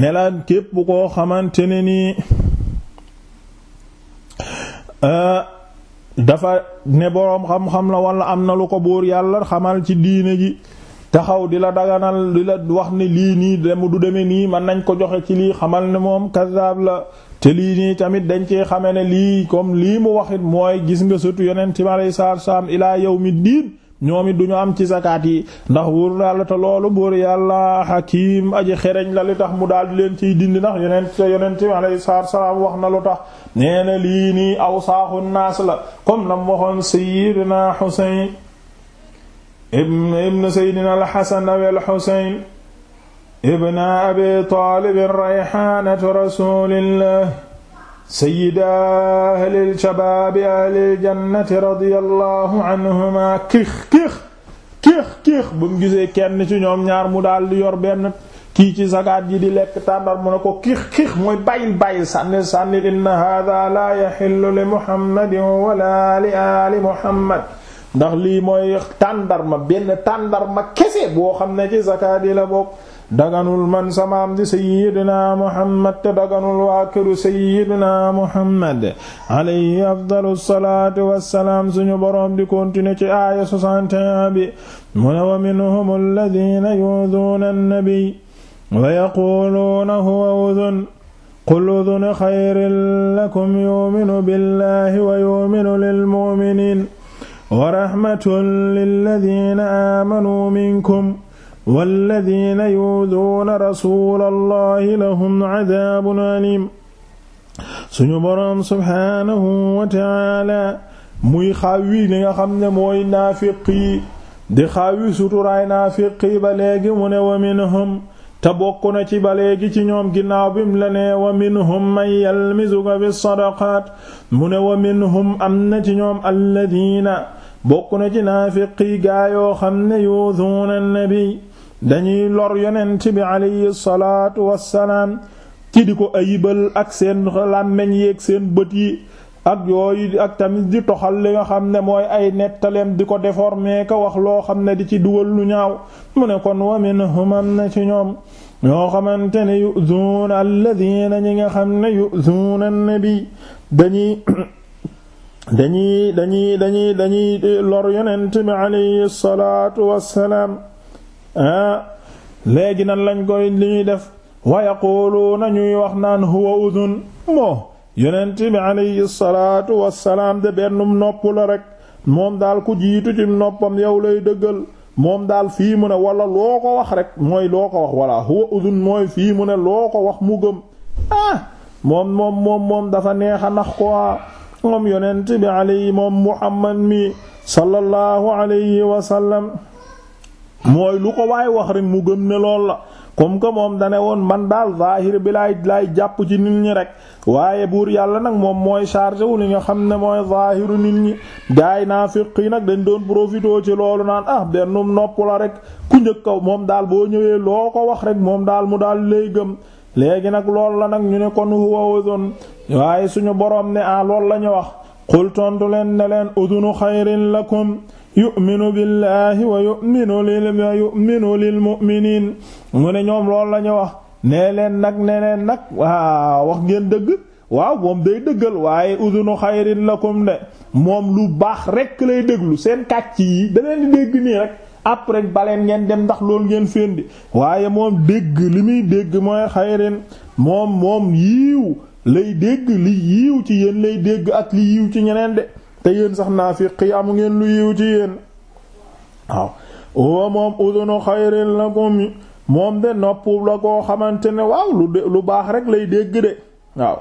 ne la képp koo xamante ne nii euh, dafa ne boroom xam-xam la wala am na lu ko buur yàlla xamal ci diine ji taxaw di la daganal di la wax ni lii nii dem du demee nii man nañ ko joxe ci lii xamal ne moom kazaab la te lii nii tamit dañ cee xame ne lii comme lii mu waxit mooy gis nga sëtu yonent mi alayhi salaatu salaam ilaa yawmi diin ñoom it duñu am ci zakaat yi ndax wóor na la te loolu buur yàlla hakim aji xereñ la li tax mu daal di leen ciy dindi ndax yonent yonent mi alayhi salaatu salaam wax na lu tax nee lii nii aw saaxu naas la comme nam waxoon sayyidina Husayn ibn seydina alxasan aw alxuseyn ibn abi taalib rayxaanatu rasuulillah sayida ahlil shabaabi ahlil jannati radiyallahu anhuma kiix kiix kiix kiix ba mu gisee kenn ci ñoom ñaar mu daal di yor benn kii ci zakaat ji di lekk tàndar mu ne ko kiix kiix mooy bàyyil bàyyil sànnil sànnil inna haadaa laa yaxillu li muhammadin wa laa li aali muhammad ndax lii mooy tàndarma benn tàndarma kese boo xam ne ci zakaat yi la bokk daganul man samaam di sayyidina muhammad te daganul waa këru sayyidina muhammad alayhi afdalu salaatu wassalaam suñu boroom di continuer ci aaya 61 bi mu ne wa minhum alladhina yu'dhuna an-nabiy wa yaquluuna huwa udhun qul udhun xayrun lakum yu'minu billahi wa yu'minu lil mu'minin wa rahmatun lilladina aamanuu minkum walladina yuuduuna rasula allahi lahum cadaabun suñu boroom subhaanahu wa muy xaawi li nga xam ne mooy naafiq yi di xaawi suturaay naafiq yi ba léegi mu ne wa minhum te bokk na ci ba ci ñoom ginnaaw bim la wa minhum man yalmizuka bis sadaqaat mu wa minhum am ci ñoom alladina bokk na ci naafiqi gaa yoo xam ne yuuduuna nabi dañuy lor yonent bi alayhi salaatu wassalaam ci di ko ayibal ak seen làmmeñ yeek seen bët yi ak yooyu ak tamit di toxal li nga xam ne mooy ay nettaleem di ko déformer ko wax loo xam ne di ci duwal lu ñaaw mu ne kon wa minhum am na ci ñoom ñoo xamante ne yu'zuna alladhina ñi nga xam ne yu'zuna an-nabi dañuy dañuy dañuy dañuy dañuy lor yonent bi alayhi salaatu wassalaam ah, léegi nan lañ koy li def wa yaquluuna ñuy wax naan huwa udun moo yonent bi alayhi salaatu wassalaam de bennum nopp rek moom daal ku jiitu ci noppam yow lay dëggal moom daal fii mu ne wala loo ko wax rek mooy loo wax walla huwa udun mooy fii mu ne wax mu gëm ah moom moom moom moom dafa neex a nax ko moom yonent bi alayhi moom Muhammad mi sallallahu alayhi wa sallam mooy lu ko waay wax rek mu gëm ne lool la comme que moom dane woon man daal zaahir bi laay laay jàpp ci nit ñi rek waaye buur yàlla nag moom mooy chargé wu li nga xam ne mooy zaahiru nit ñi gaay naafiq yi nag dañ doon profité ci loolu naan ah bennum nopp la rek ku njëkk moom daal boo ñëwee loo ko wax rek moom daal mu daal lay gëm léegi nag loolu la nag ñu ne kon huwa wazon waaye suñu boroom ne ah lool lañu wax qul tontu leen ne leen nu xayrin lakum yu'minu billahi wa yu'minu lil wa yu'minu lil mu'minin mu ne ñoom lool lañu wax ne leen nag ne leen nag waaw wax ngeen dëgg waaw moom day dëggal waaye udunu xayrin lakum de moom lu baax rekk lay déglu seen kàcc yi da leen di dégg nii rek après baleen ngeen dem ndax loolu ngeen féndi waaye moom dégg li muy dégg mooy xayrin moom moom yiiw lay dégg li yiw ci yéen lay dégg ak li yiiw ci ñeneen de te yéen sax naafiq yi amu ngeen lu yiw ci yéen waaw wa moom udunu xayrin lakum moom de nopp la koo xamante ne waaw lu de lu baax rek lay dégg de waaw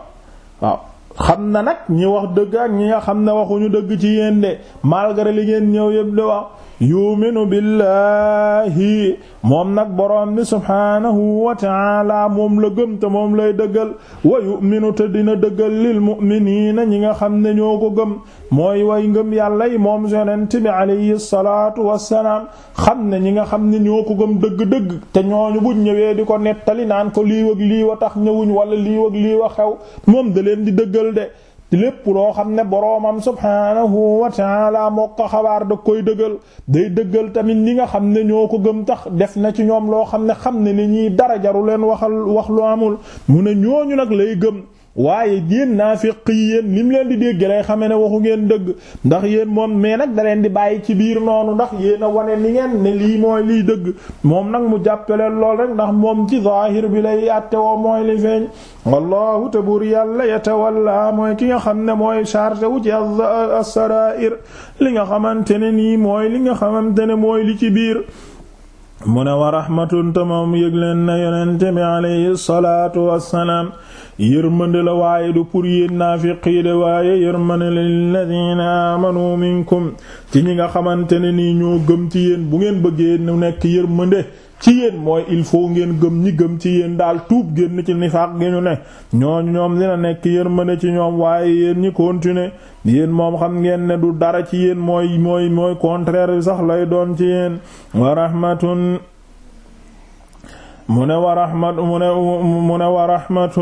waaw xam na nag ñi wax dëgg ak ñi nga xam ne waxuñu dëgg ci yéen de malgré li ngeen ñëw yépp de waaw yuminu billahi moom nag boroom bi subhaanahu wa taala moom la gëm te moom lay dëggal wa yuminu te dina dëggal lil mu'miniina ñi nga xam ne ñoo ko gëm mooy way ngëm yàlla yi moom yonent bi alayhi salaatu wassalaam xam ne ñi nga xam ne ñoo ko gëm dëgg-dëgg te ñooñu buñ ñëwee di ko nettali naan ko lii wag lii wa tax ñëwuñ wala lii wag lii wa xew moom da leen di dëggal de lépp loo xam ne boroomam subhaanahu wa taala moo ko xabaar da koy dëggal day dëggal tamit ñi nga xam ne ñoo ko gëm tax def na ci ñoom loo xam ne xam ne ni ñuy dara jaru leen waxal wax lu amul mu ne ñooñu nag lay gëm waaye yéen naafiq yi yéen ni mu leen di dégg lay xamee ne waxu ngeen dëgg ndax yéen moom mais nag da leen di bàyyi ci biir noonu ndax yéen a wane li ngeen ne lii mooy lii dëgg moom nag mu leen lool rek ndax moom ci zaahir bi lay àtte woo mooy li feeñ wallahu te buur yàlla yatawalla mooy ki nga xam ne mooy chargé wu ci as-sarair li nga xamante ne nii mooy li nga xamante ne mooy li ci biir mu ne wa rahmatun ta moom yëg leen na yonent bi alayhi salaatu wassalaam yërmande la waaye du pour yéen naafiq yi de waaye yërmande lilladina amanu minkum ci ñi nga xamante ne nii ñoo gëm ci yéen bu ngeen bëggee nu nekk yërmande ci yéen mooy il faut ngeen gëm ñi gëm ci yéen daal tuub génn ci nifaaq gi ñu ne ñooñu ñoom dina nekk yërmande ci ñoom waaye yéen ñi continuer yéen moom xam ngeen ne du dara ci yéen mooy mooy mooy contraire sax lay doon ci yéen wa rahmatun mu ne wa rahmat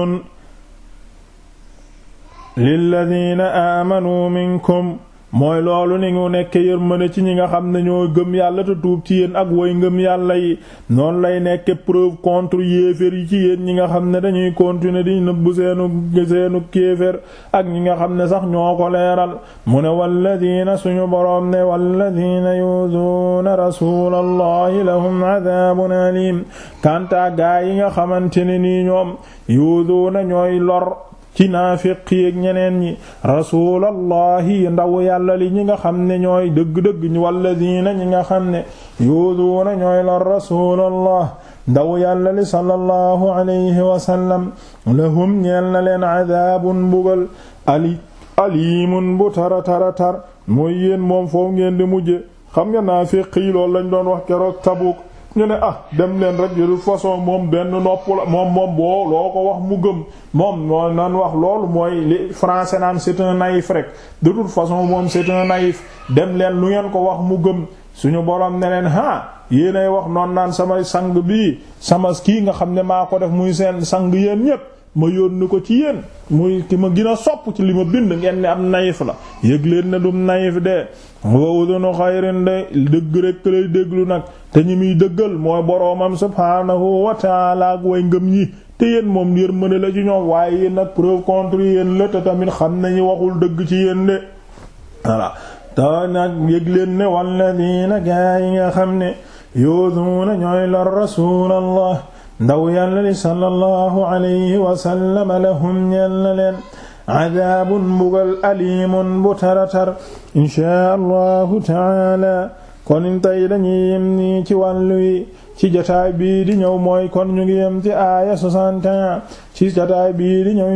lilladina amanu minkum mooy loolu ni ngu nekk yërmande ci ñi nga xam ne ñoo gëm yàlla te tuub ci yéen ak woy ngëm yàlla yi noonu lay nekk preuve contre yéefér yi ci yéen ñi nga xam ne dañuy continuer di nëbb seenu seenu kéefér ak ñi nga xam ne sax ñoo ko leeral mu ne walladina suñu boroom ne walladina yuzuuna rasulallahi lahum adabun alim kanta gaa yi nga xamante ne nii ñoom yuzuuna ñooy lor ci naafiq yi ak ñeneen ñi rasulallahi ndaw yàlla li ñi nga xam ne ñooy dëgg-dëgg ñu walladina ñi nga xam ne yuuduuna ñooy la rasulallah ndaw yàlla li sallallahu alayhi wasallam lahum ñeel na leen adaabun bugal ali aliimun bu tara tara tar mooy yéen moom foofu ngeen di mujje xam nga naafiq yi loolu lañ doon wax keroog Tabuk ñu ne ah dem leen rek de toute façon moom benn nopp la moom moom boo loo ko wax mu gëm moom mooy nan wax loolu mooy li français naan c'est un naïf rek de façon moom c'est un naïf dem leen lu ngeen ko wax mu gëm suñu borom ne leen ah yéenay wax noonu naan samay sang bii sama kii nga xam ne maa ko def muy seen sang yéen ñépp ma yónni ko ci yéen muy ki ma gën sopp ci li ma bind ngeen ne am nayif la yëg leen ne dum nayif de wa udunu xayrin de dëgg rekk lay déglu nag te ñi muy dëggal mooy boroomam subhaanahu wa taala ak way ngëm ñi te yéen moom yërmande la ci ñoom waaye yéen nag preuve contre yéen la te tamit xam nañu waxul dëgg ci yéen de voilà te nag leen gaa yi nga xam ne yuzuuna ñooy la rasulallah ndaw yàlla li sallallahu alayhi wasallam lahum ñeel na leen cadaabun mbugal alimun bu taratar inchaa allahu taala kon tey dañuy yem nii ci wàllu yi ci jataay bii di ñëw mooy kon ñu ngi yem ci aaya 61 ci jataay bii di ñëw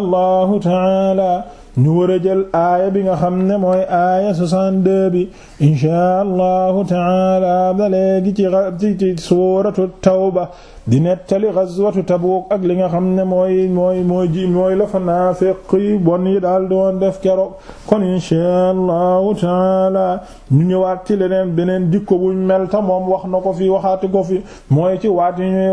allahu taala ñu war a bi nga xam ne mooy aaya 62 bi inchaa allahu taala ba léegi ci ci ci suuratu tawba di nettali gazwatu Tabuuk ak li nga xam ne mooy mooy mooy ji mooy la fa naafiq bon yi daal doon def kero kon inchaa allahu taala ñu ñëwaat ci leneen beneen dikko buñ melta moom wax na ko fi waxaati ko fi mooy ci waat yi ñuy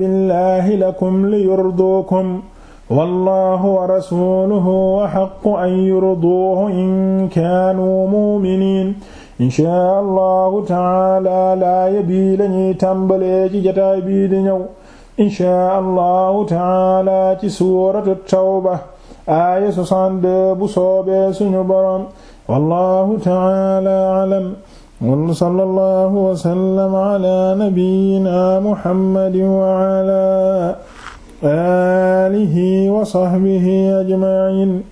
billahi lakum li yurduukum wallahu wa rasuluhu wa xaqu an yurduuhu in kaanuu muminin inchaa allahu taala laaya bii lañuy tàmbalee ci jataay bii di ñëw inchaa allahu taala ci suuratu tawba aaya 62 bu soobee suñu boroom wallahu taala alam wa sallallahu wa sallam ala nabiyyina muhammadin wa ala alihi wa sahbihi ajma'in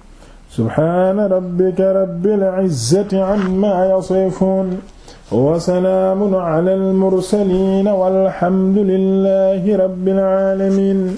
subhaana rabbika rabbil izzati amma yasifuun wa salaamun alal mursaliin walhamdu lillahi rabbil aalamiin